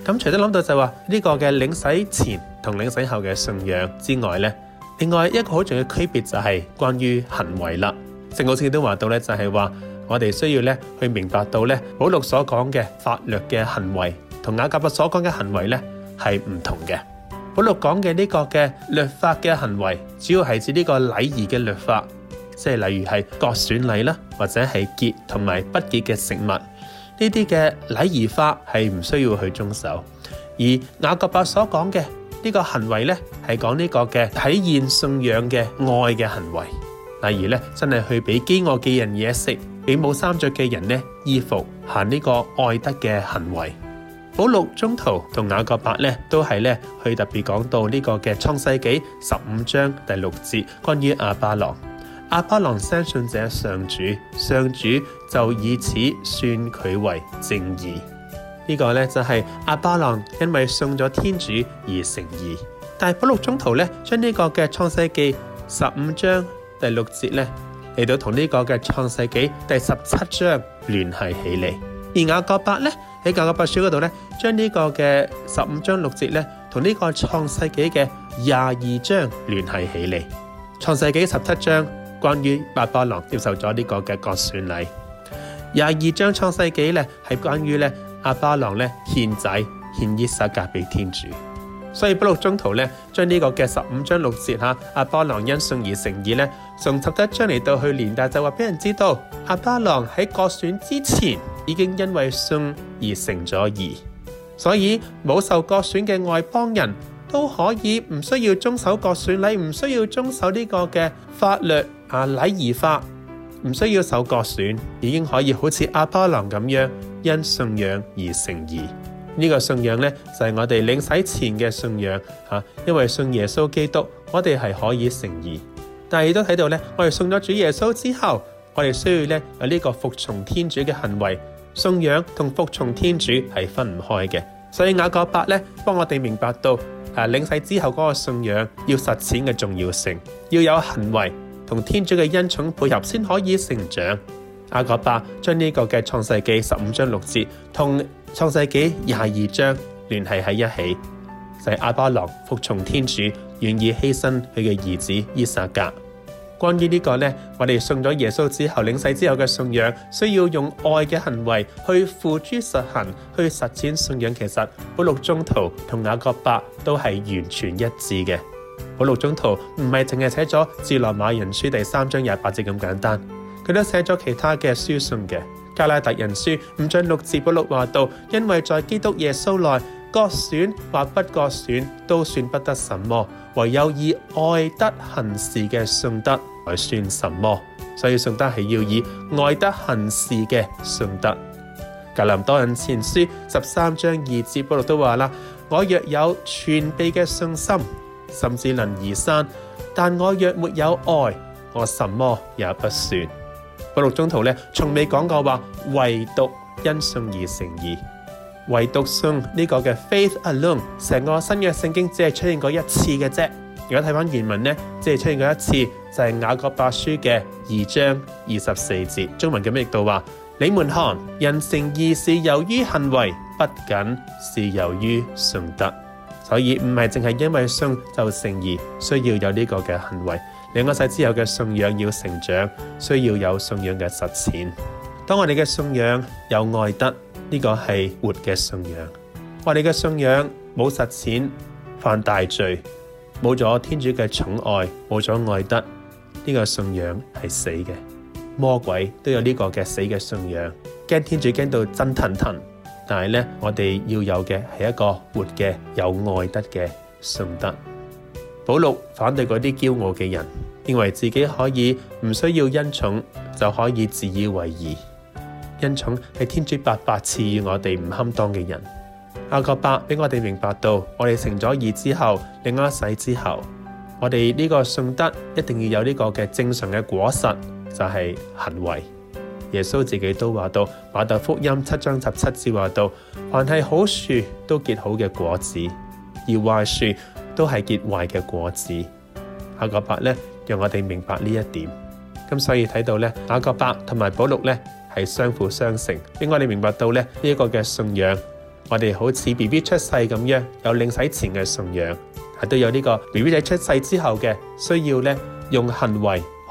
咁除咗諗到就話呢個嘅領洗前同領洗後嘅信仰之外呢，另外一個好重要區別就係關於行為啦。聖奧斯都話到呢，就係話我哋需要呢去明白到呢，保祿所講嘅法律嘅行為，同雅各伯所講嘅行為呢係唔同嘅。保祿講嘅呢個嘅律法嘅行為，主要係指呢個禮儀嘅律法，即係例如係割損禮啦，或者係潔同埋不潔嘅食物。呢啲嘅禮儀花係唔需要去遵守，而雅各伯所講嘅呢個行為呢，係講呢個嘅體現信仰嘅愛嘅行為，例如呢，真係去俾飢餓嘅人嘢食，俾冇衫着嘅人呢衣服，行呢個愛德嘅行為。保祿中途同雅各伯呢都係呢去特別講到呢個嘅創世紀十五章第六節關於亞巴郎。亞巴郎相信者上主，上主就以此算佢為正義。呢、這個呢，就係、是、亞巴郎因為信咗天主而成義。但係保祿宗徒呢，將呢個嘅創世記十五章第六節呢，嚟到同呢個嘅創世紀第十七章聯繫起嚟。而雅各伯呢，喺雅各伯書嗰度呢，將呢個嘅十五章六節呢，同呢、這個創世紀嘅廿二章聯繫起嚟。創世紀十七章。關於阿巴郎接受咗呢個嘅割選禮，廿二章創世紀咧係關於咧阿巴郎咧獻仔獻依撒格俾天主。所以保祿中途咧將呢個嘅十五章六節嚇阿巴郎因信而成義咧，從十一章嚟到去年帶就話俾人知道阿巴郎喺割選之前已經因為信而成咗義，所以冇受割選嘅外邦人都可以唔需要遵守割選禮，唔需要遵守呢個嘅法律。啊！禮儀法唔需要受割損，已經可以好似亞巴郎咁樣，因信仰而成義。呢、這個信仰呢，就係、是、我哋領洗前嘅信仰嚇、啊，因為信耶穌基督，我哋係可以成義。但係亦都睇到呢，我哋信咗主耶穌之後，我哋需要咧有呢、這個服從天主嘅行為。信仰同服從天主係分唔開嘅，所以雅各伯呢，幫我哋明白到啊領洗之後嗰個信仰要實踐嘅重要性，要有行為。同天主嘅恩寵配合，先可以成長。雅各伯將呢個嘅創世紀十五章六節同創世紀廿二章聯繫喺一起，使、就是、阿巴郎服從天主，願意犧牲佢嘅兒子伊撒格。關於呢個呢，我哋信咗耶穌之後，領洗之後嘅信仰，需要用愛嘅行為去付諸實行，去實踐信仰。其實，保祿宗徒同雅各伯都係完全一致嘅。六張圖唔係淨係寫咗《致羅馬人書》第三章廿八節咁簡單，佢都寫咗其他嘅書信嘅。加拉達人書五章六至八節話道：因為在基督耶穌內，各選或不各選都算不得什麼，唯有以愛德行事嘅信德才算什麼。所以信德係要以愛德行事嘅信德。格林多人前書十三章二至六都話啦：我若有全備嘅信心。甚至能移山，但我若沒有愛，我什麼也不算。保祿宗徒咧，從未講過話唯獨因信而成義，唯獨信呢個嘅 faith alone，成個新約聖經只係出現過一次嘅啫。如果睇翻原文呢，只係出現過一次，就係、是、雅各伯書嘅二章二十四節，中文嘅咩亦都話：你們看，人成義是由於行為，不僅是由於信德。所以唔係淨係因為信就成，而需要有呢個嘅行為。兩個世之後嘅信仰要成長，需要有信仰嘅實踐。當我哋嘅信仰有愛德，呢個係活嘅信仰。我哋嘅信仰冇實踐，犯大罪，冇咗天主嘅寵愛，冇咗愛德，呢個信仰係死嘅。魔鬼都有呢個嘅死嘅信仰，驚天主驚到震騰騰。但係咧，我哋要有嘅係一個活嘅有愛德嘅信德。保祿反對嗰啲驕傲嘅人，認為自己可以唔需要恩寵就可以自以為義。恩寵係天主白白賜予我哋唔堪當嘅人。雅各伯俾我哋明白到，我哋成咗義之後，領啊洗之後，我哋呢個信德一定要有呢個嘅正常嘅果實，就係、是、行為。耶穌自己都話到，馬特福音七章十七節話到，凡係好樹都結好嘅果子，而壞樹都係結壞嘅果子。雅各伯咧，讓我哋明白呢一點。咁所以睇到咧，雅各伯同埋保祿咧係相輔相成。應該你明白到咧呢一、這個嘅信仰，我哋好似 B B 出世咁樣，有領洗前嘅信仰，係都有呢、這個 B B 仔出世之後嘅需要咧，用行為。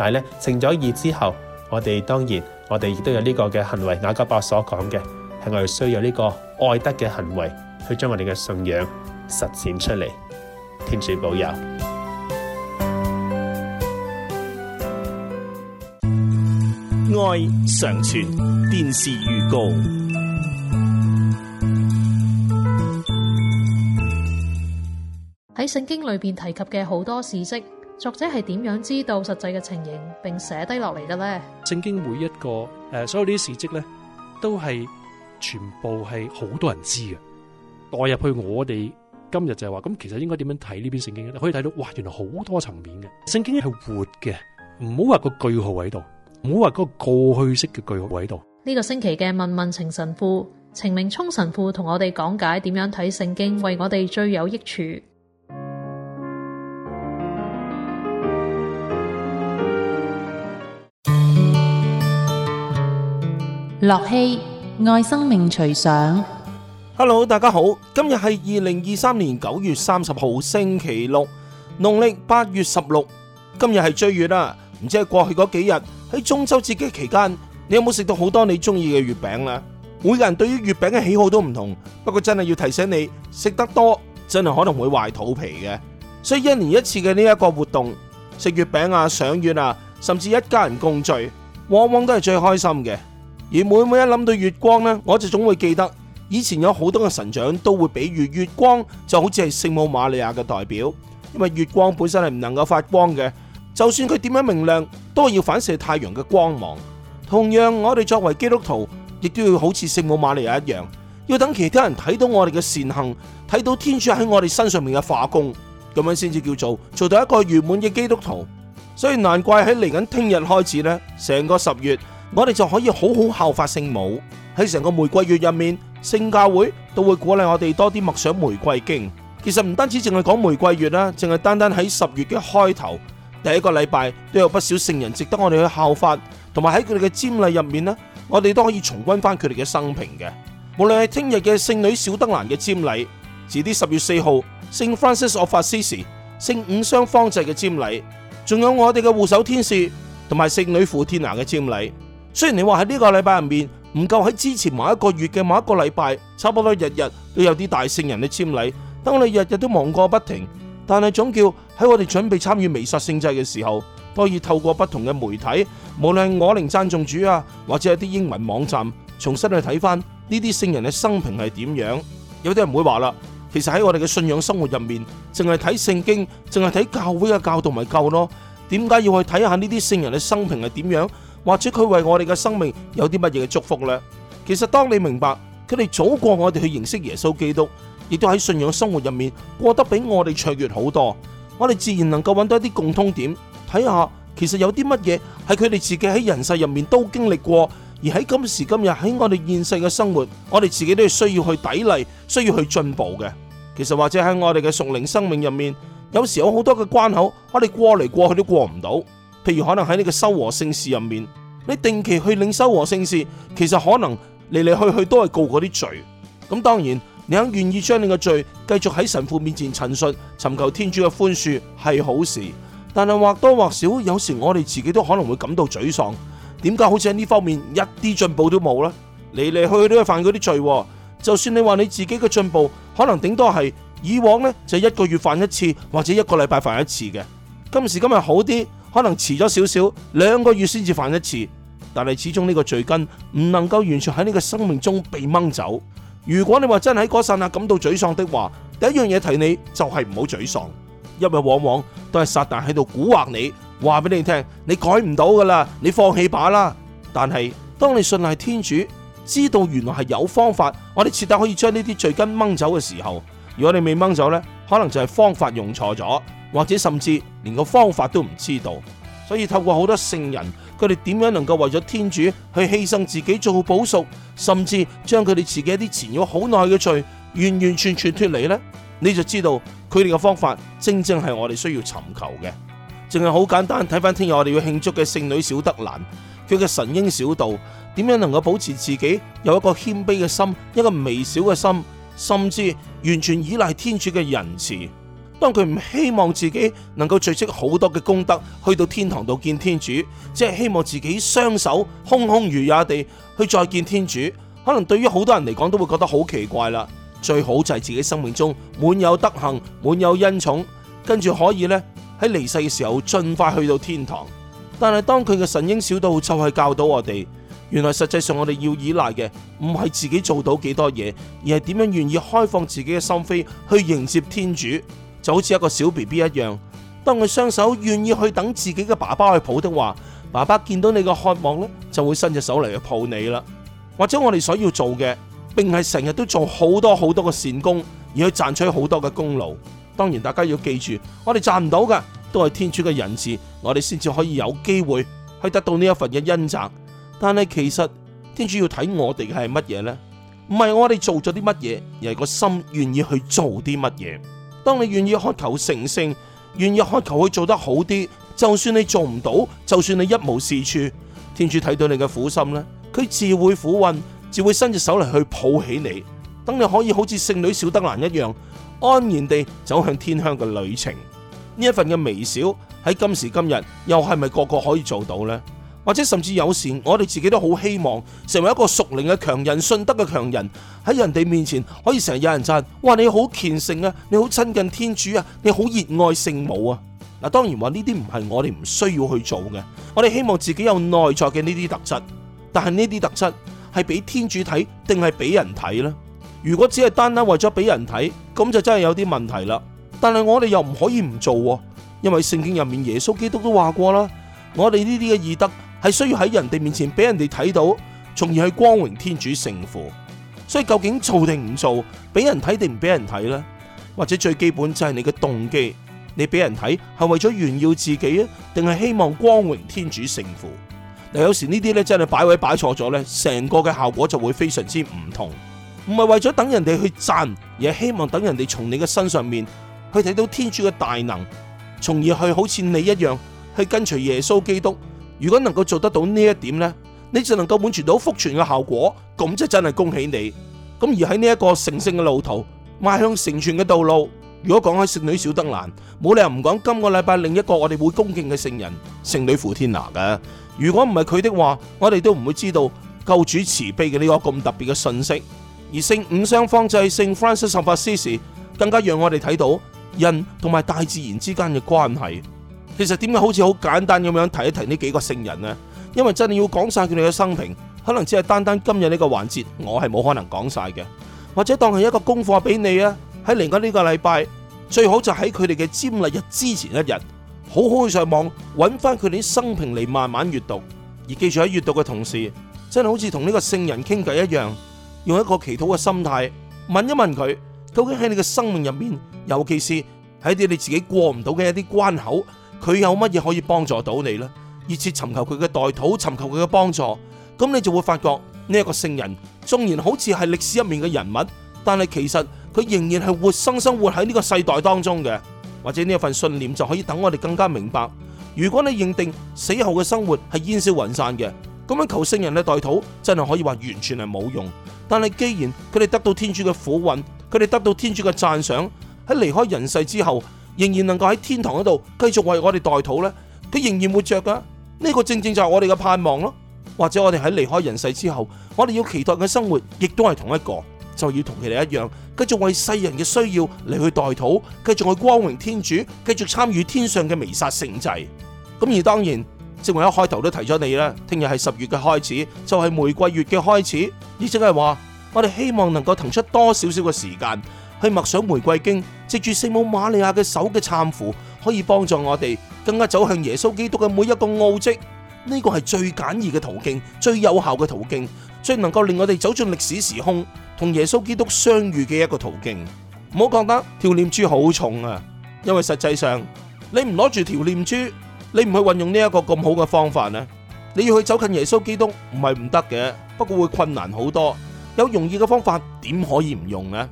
但係咧，成咗義之後，我哋當然，我哋亦都有呢個嘅行為。雅各伯所講嘅係我哋需要呢個愛德嘅行為，去將我哋嘅信仰實踐出嚟。天主保佑，愛常傳。電視預告喺聖 [music] 經裏邊提及嘅好多事蹟。作者係點樣知道實際嘅情形並寫低落嚟嘅咧？聖經每一個誒、呃，所有呢啲事蹟咧，都係全部係好多人知嘅。代入去我哋今日就係話，咁、嗯、其實應該點樣睇呢篇聖經咧？可以睇到，哇，原來好多層面嘅聖經係活嘅，唔好話個句號喺度，唔好話嗰個過去式嘅句號喺度。呢個星期嘅問問程神父、程明聰神父同我哋講解點樣睇聖經，為我哋最有益處。駱曦愛生命隨想，Hello，大家好，今日係二零二三年九月三十號，星期六，農曆八月十六、啊。今日係追月啦，唔知喺過去嗰幾日喺中秋節嘅期間，你有冇食到好多你中意嘅月餅啦？每個人對於月餅嘅喜好都唔同，不過真係要提醒你，食得多真係可能會壞肚皮嘅。所以一年一次嘅呢一個活動，食月餅啊、賞月啊，甚至一家人共聚，往往都係最開心嘅。而每每一諗到月光呢，我就總會記得以前有好多嘅神長都會比喻月光就好似係聖母瑪利亞嘅代表，因為月光本身係唔能夠發光嘅，就算佢點樣明亮，都係要反射太陽嘅光芒。同樣，我哋作為基督徒，亦都要好似聖母瑪利亞一樣，要等其他人睇到我哋嘅善行，睇到天主喺我哋身上面嘅化工，咁樣先至叫做做到一個圓滿嘅基督徒。所以難怪喺嚟緊聽日開始呢，成個十月。我哋就可以好好效法聖母喺成個玫瑰月入面，聖教會都會鼓勵我哋多啲默想玫瑰經。其實唔單止淨係講玫瑰月啦，淨係單單喺十月嘅開頭第一個禮拜都有不少聖人值得我哋去效法，同埋喺佢哋嘅瞻禮入面呢，我哋都可以重温翻佢哋嘅生平嘅。無論係聽日嘅聖女小德蘭嘅瞻禮，遲啲十月四號聖 Francis of Assisi 聖五傷方濟嘅瞻禮，仲有我哋嘅護守天使同埋聖女傅天娜嘅瞻禮。雖然你話喺呢個禮拜入面唔夠喺之前某一個月嘅某一個禮拜，差不多日日都有啲大聖人嘅瞻禮，等你日日都忙過不停。但係總叫喺我哋準備參與彌撒聖祭嘅時候，都可以透過不同嘅媒體，無論係我靈讚頌主啊，或者係啲英文網站，重新去睇翻呢啲聖人嘅生平係點樣。有啲人會話啦，其實喺我哋嘅信仰生活入面，淨係睇聖經，淨係睇教會嘅教導咪夠咯？點解要去睇下呢啲聖人嘅生平係點樣？或者佢為我哋嘅生命有啲乜嘢嘅祝福呢？其實當你明白佢哋早過我哋去認識耶穌基督，亦都喺信仰生活入面過得比我哋卓越好多，我哋自然能夠揾到一啲共通點，睇下其實有啲乜嘢係佢哋自己喺人世入面都經歷過，而喺今時今日喺我哋現世嘅生活，我哋自己都係需要去砥礪，需要去進步嘅。其實或者喺我哋嘅屬靈生命入面，有時有好多嘅關口，我哋過嚟過去都過唔到。譬如可能喺呢個修和聖事入面，你定期去領修和聖事，其實可能嚟嚟去去都係告嗰啲罪。咁當然，你肯願意將你嘅罪繼續喺神父面前陳述，尋求天主嘅寬恕係好事。但係或多或少，有時我哋自己都可能會感到沮喪。點解好似喺呢方面一啲進步都冇呢？嚟嚟去去都係犯嗰啲罪。就算你話你自己嘅進步，可能頂多係以往呢，就一個月犯一次，或者一個禮拜犯一次嘅，今時今日好啲。可能遲咗少少，兩個月先至犯一次，但係始終呢個罪根唔能夠完全喺呢個生命中被掹走。如果你話真係嗰剎那感到沮喪的話，第一樣嘢提你就係唔好沮喪，因為往往都係撒旦喺度蠱惑你，話俾你聽你改唔到噶啦，你放棄吧啦。但係當你信賴天主，知道原來係有方法，我哋徹底可以將呢啲罪根掹走嘅時候，如果你未掹走呢，可能就係方法用錯咗，或者甚至。連個方法都唔知道，所以透過好多聖人，佢哋點樣能夠為咗天主去犧牲自己做好補贖，甚至將佢哋自己一啲纏咗好耐嘅罪，完完全全脫離呢？你就知道佢哋嘅方法，正正係我哋需要尋求嘅。淨係好簡單，睇返聽日我哋要慶祝嘅聖女小德蘭，佢嘅神嬰小道點樣能夠保持自己有一個謙卑嘅心，一個微小嘅心，甚至完全依賴天主嘅仁慈。當佢唔希望自己能夠聚積好多嘅功德去到天堂度見天主，即係希望自己雙手空空如也地去再見天主，可能對於好多人嚟講都會覺得好奇怪啦。最好就係自己生命中滿有德行、滿有恩寵，跟住可以呢喺離世嘅時候盡快去到天堂。但係當佢嘅神嬰小道就係教導我哋，原來實際上我哋要依賴嘅唔係自己做到幾多嘢，而係點樣願意開放自己嘅心扉去迎接天主。就好似一個小 BB 一樣，當佢雙手願意去等自己嘅爸爸去抱的話，爸爸見到你嘅渴望咧，就會伸隻手嚟去抱你啦。或者我哋所要做嘅，並係成日都做好多好多嘅善功，而去賺取好多嘅功勞。當然，大家要記住，我哋賺唔到㗎，都係天主嘅仁慈，我哋先至可以有機會去得到呢一份嘅恩澤。但係其實天主要睇我哋嘅係乜嘢呢？唔係我哋做咗啲乜嘢，而係個心願意去做啲乜嘢。當你願意渴求成聖，願意渴求去做得好啲，就算你做唔到，就算你一無是處，天主睇到你嘅苦心咧，佢自會撫慰，自會伸隻手嚟去抱起你，等你可以好似聖女小德蘭一樣，安然地走向天鄉嘅旅程。呢一份嘅微笑，喺今時今日，又係咪個個可以做到呢？或者甚至有時，我哋自己都好希望成為一個屬靈嘅強人、信德嘅強人，喺人哋面前可以成日有人讚，哇！你好虔誠啊，你好親近天主啊，你好熱愛聖母啊。嗱，當然話呢啲唔係我哋唔需要去做嘅，我哋希望自己有內在嘅呢啲特質。但係呢啲特質係俾天主睇定係俾人睇呢？如果只係單單為咗俾人睇，咁就真係有啲問題啦。但係我哋又唔可以唔做、啊，因為聖經入面耶穌基督都話過啦，我哋呢啲嘅義德。係需要喺人哋面前俾人哋睇到，從而去光榮天主聖父。所以究竟做定唔做，俾人睇定唔俾人睇呢？或者最基本就係你嘅動機，你俾人睇係為咗炫耀自己啊，定係希望光榮天主聖父？嗱，有時呢啲呢，真係擺位擺錯咗呢，成個嘅效果就會非常之唔同。唔係為咗等人哋去讚，而係希望等人哋從你嘅身上面去睇到天主嘅大能，從而去好似你一樣去跟隨耶穌基督。如果能夠做得到呢一點咧，你就能夠保存到福傳嘅效果，咁就真係恭喜你。咁而喺呢一個成聖嘅路途，邁向成全嘅道路，如果講開聖女小德蘭，冇理由唔講今個禮拜另一個我哋會恭敬嘅聖人聖女傅天娜嘅。如果唔係佢的話，我哋都唔會知道救主慈悲嘅呢個咁特別嘅信息。而聖五傷方濟就係聖 Francis of Assisi，更加讓我哋睇到人同埋大自然之間嘅關係。其實點解好似好簡單咁樣提一提呢幾個聖人咧？因為真係要講晒佢哋嘅生平，可能只係單單今日呢個環節，我係冇可能講晒嘅。或者當係一個功課俾你啊，喺嚟緊呢個禮拜，最好就喺佢哋嘅瞻禮日之前一日，好好去上網揾翻佢哋啲生平嚟慢慢閱讀，而記住喺閱讀嘅同時，真係好似同呢個聖人傾偈一樣，用一個祈禱嘅心態問一問佢，究竟喺你嘅生命入面，尤其是喺啲你自己過唔到嘅一啲關口。佢有乜嘢可以幫助到你呢？熱切尋求佢嘅代禱，尋求佢嘅幫助，咁你就會發覺呢一個聖人，縱然好似係歷史入面嘅人物，但係其實佢仍然係活生生活喺呢個世代當中嘅，或者呢一份信念就可以等我哋更加明白。如果你認定死後嘅生活係煙消雲散嘅，咁樣求聖人嘅代禱真係可以話完全係冇用。但係既然佢哋得到天主嘅俯允，佢哋得到天主嘅讚賞，喺離開人世之後。仍然能夠喺天堂嗰度繼續為我哋代禱呢，佢仍然活着噶呢個正正就係我哋嘅盼望咯。或者我哋喺離開人世之後，我哋要期待嘅生活，亦都係同一個，就要同佢哋一樣，繼續為世人嘅需要嚟去代禱，繼續去光榮天主，繼續參與天上嘅彌撒聖祭。咁而當然，正如一開頭都提咗你啦，聽日係十月嘅開始，就係玫瑰月嘅開始，亦即係話我哋希望能夠騰出多少少嘅時間。去默想玫瑰經，藉住聖母瑪利亞嘅手嘅攙扶，可以幫助我哋更加走向耶穌基督嘅每一個奧跡。呢個係最簡易嘅途徑，最有效嘅途徑，最能夠令我哋走進歷史時空，同耶穌基督相遇嘅一個途徑。唔好覺得條念珠好重啊，因為實際上你唔攞住條念珠，你唔去運用呢一個咁好嘅方法呢，你要去走近耶穌基督唔係唔得嘅，不過會困難好多。有容易嘅方法，點可以唔用呢？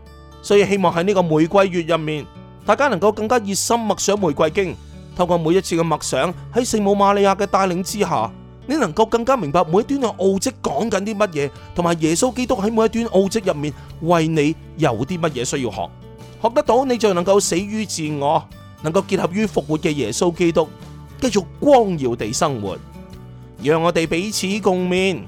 所以希望喺呢個玫瑰月入面，大家能夠更加熱心默想玫瑰經，透過每一次嘅默想，喺聖母瑪利亞嘅帶領之下，你能夠更加明白每一端嘅奧蹟講緊啲乜嘢，同埋耶穌基督喺每一端奧蹟入面為你有啲乜嘢需要學，學得到你就能夠死於自我，能夠結合於復活嘅耶穌基督，繼續光耀地生活，讓我哋彼此共勉。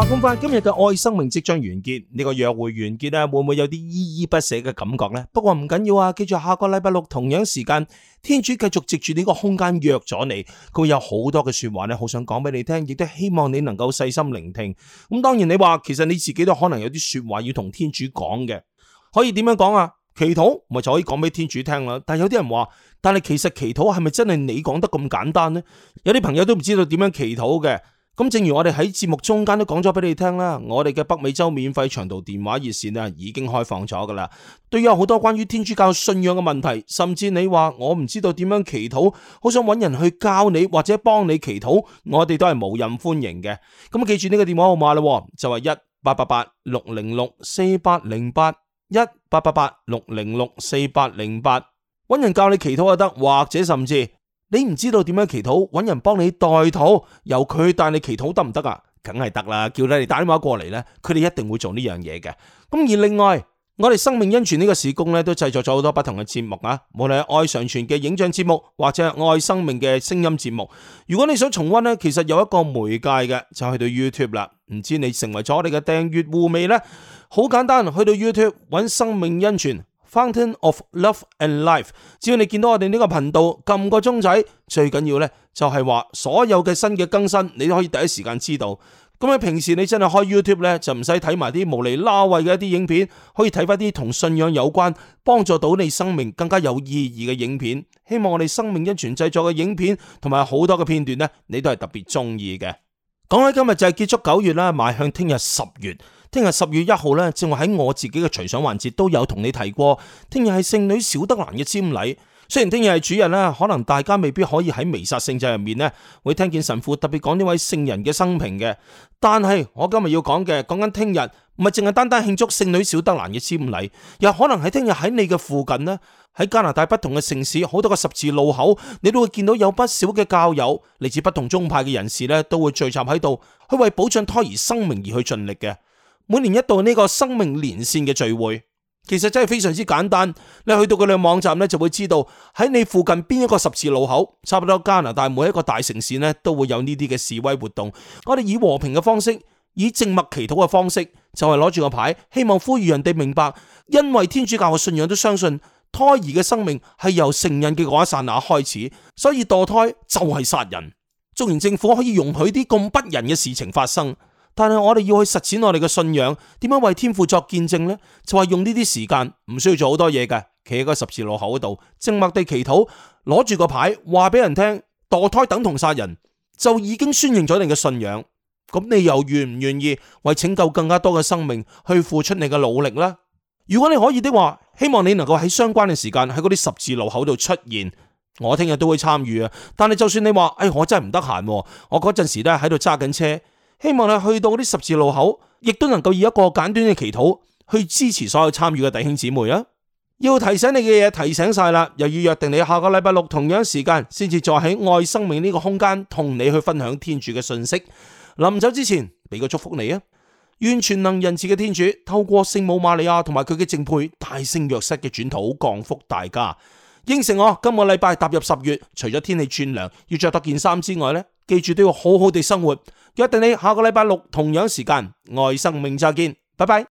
話咁快，今日嘅愛生命即將完結，呢個約會完結啊，會唔會有啲依依不捨嘅感覺呢？不過唔緊要啊，記住下個禮拜六同樣時間，天主繼續藉住呢個空間約咗你，佢會有好多嘅說話咧，好想講俾你聽，亦都希望你能夠細心聆聽。咁當然你話，其實你自己都可能有啲說話要同天主講嘅，可以點樣講啊？祈禱咪就可以講俾天主聽啦。但係有啲人話，但係其實祈禱係咪真係你講得咁簡單呢？有啲朋友都唔知道點樣祈禱嘅。咁正如我哋喺節目中間都講咗俾你聽啦，我哋嘅北美洲免費長途電話熱線呀已經開放咗噶啦。對於好多關於天主教信仰嘅問題，甚至你話我唔知道點樣祈禱，好想揾人去教你或者幫你祈禱，我哋都係無任歡迎嘅。咁記住呢個電話號碼啦，就係一八八八六零六四八零八一八八八六零六四八零八，揾人教你祈禱就得，或者甚至。你唔知道點樣祈禱，搵人幫你代禱，由佢帶你祈禱得唔得啊？梗係得啦，叫你哋打電話過嚟咧，佢哋一定會做呢樣嘢嘅。咁而另外，我哋生命恩泉呢個時工咧，都製作咗好多不同嘅節目啊，無論係愛上傳嘅影像節目或者係愛生命嘅聲音節目。如果你想重溫咧，其實有一個媒介嘅就去到 YouTube 啦。唔知你成為咗我哋嘅訂閱戶未咧？好簡單，去到 YouTube 搵生命恩泉。Fountain of Love and Life，只要你見到我哋呢個頻道，撳個鐘仔，最緊要呢就係話所有嘅新嘅更新，你都可以第一時間知道。咁喺平時你真係開 YouTube 呢，就唔使睇埋啲無厘拉位嘅一啲影片，可以睇翻啲同信仰有關，幫助到你生命更加有意義嘅影片。希望我哋生命恩泉製作嘅影片同埋好多嘅片段呢，你都係特別中意嘅。講起今日就係結束九月啦，邁向聽日十月。聽日十月一號咧，正話喺我自己嘅隨想環節都有同你提過，聽日係聖女小德蘭嘅瞻禮。雖然聽日係主日啦，可能大家未必可以喺彌撒聖祭入面呢會聽見神父特別講呢位聖人嘅生平嘅。但係我今日要講嘅，講緊聽日唔係淨係單單慶祝聖女小德蘭嘅瞻禮，又可能喺聽日喺你嘅附近呢，喺加拿大不同嘅城市，好多個十字路口，你都會見到有不少嘅教友嚟自不同宗派嘅人士呢，都會聚集喺度去為保障胎兒生命而去盡力嘅。每年一度呢個生命連線嘅聚會，其實真係非常之簡單。你去到佢哋嘅網站咧，就會知道喺你附近邊一個十字路口，差唔多加拿大每一個大城市呢，都會有呢啲嘅示威活動。我哋以和平嘅方式，以靜默祈禱嘅方式，就係攞住個牌，希望呼籲人哋明白，因為天主教嘅信仰都相信胎兒嘅生命係由成人嘅嗰一剎那開始，所以墮胎就係殺人。縱然政府可以容許啲咁不仁嘅事情發生。但係我哋要去實踐我哋嘅信仰，點樣為天父作見證呢？就係用呢啲時間，唔需要做好多嘢嘅，企喺個十字路口嗰度，靜默地祈禱，攞住個牌話俾人聽墮胎等同殺人，就已經宣認咗你嘅信仰。咁你又願唔願意為拯救更加多嘅生命去付出你嘅努力呢？如果你可以的話，希望你能夠喺相關嘅時間喺嗰啲十字路口度出現。我聽日都會參與啊！但係就算你話，誒、哎，我真係唔得閒，我嗰陣時都係喺度揸緊車。希望你去到啲十字路口，亦都能夠以一個簡短嘅祈禱去支持所有參與嘅弟兄姊妹啊！要提醒你嘅嘢提醒晒啦，又要約定你下個禮拜六同樣時間，先至再喺愛生命呢個空間同你去分享天主嘅信息。臨走之前，俾個祝福你啊！願全能仁慈嘅天主透過聖母瑪利亞同埋佢嘅正配大聖若瑟嘅轉土降福大家。應承我今個禮拜踏入十月，除咗天氣轉涼要着多件衫之外呢。記住都要好好地生活，約定你下個禮拜六同樣時間，愛生命，再見，拜拜。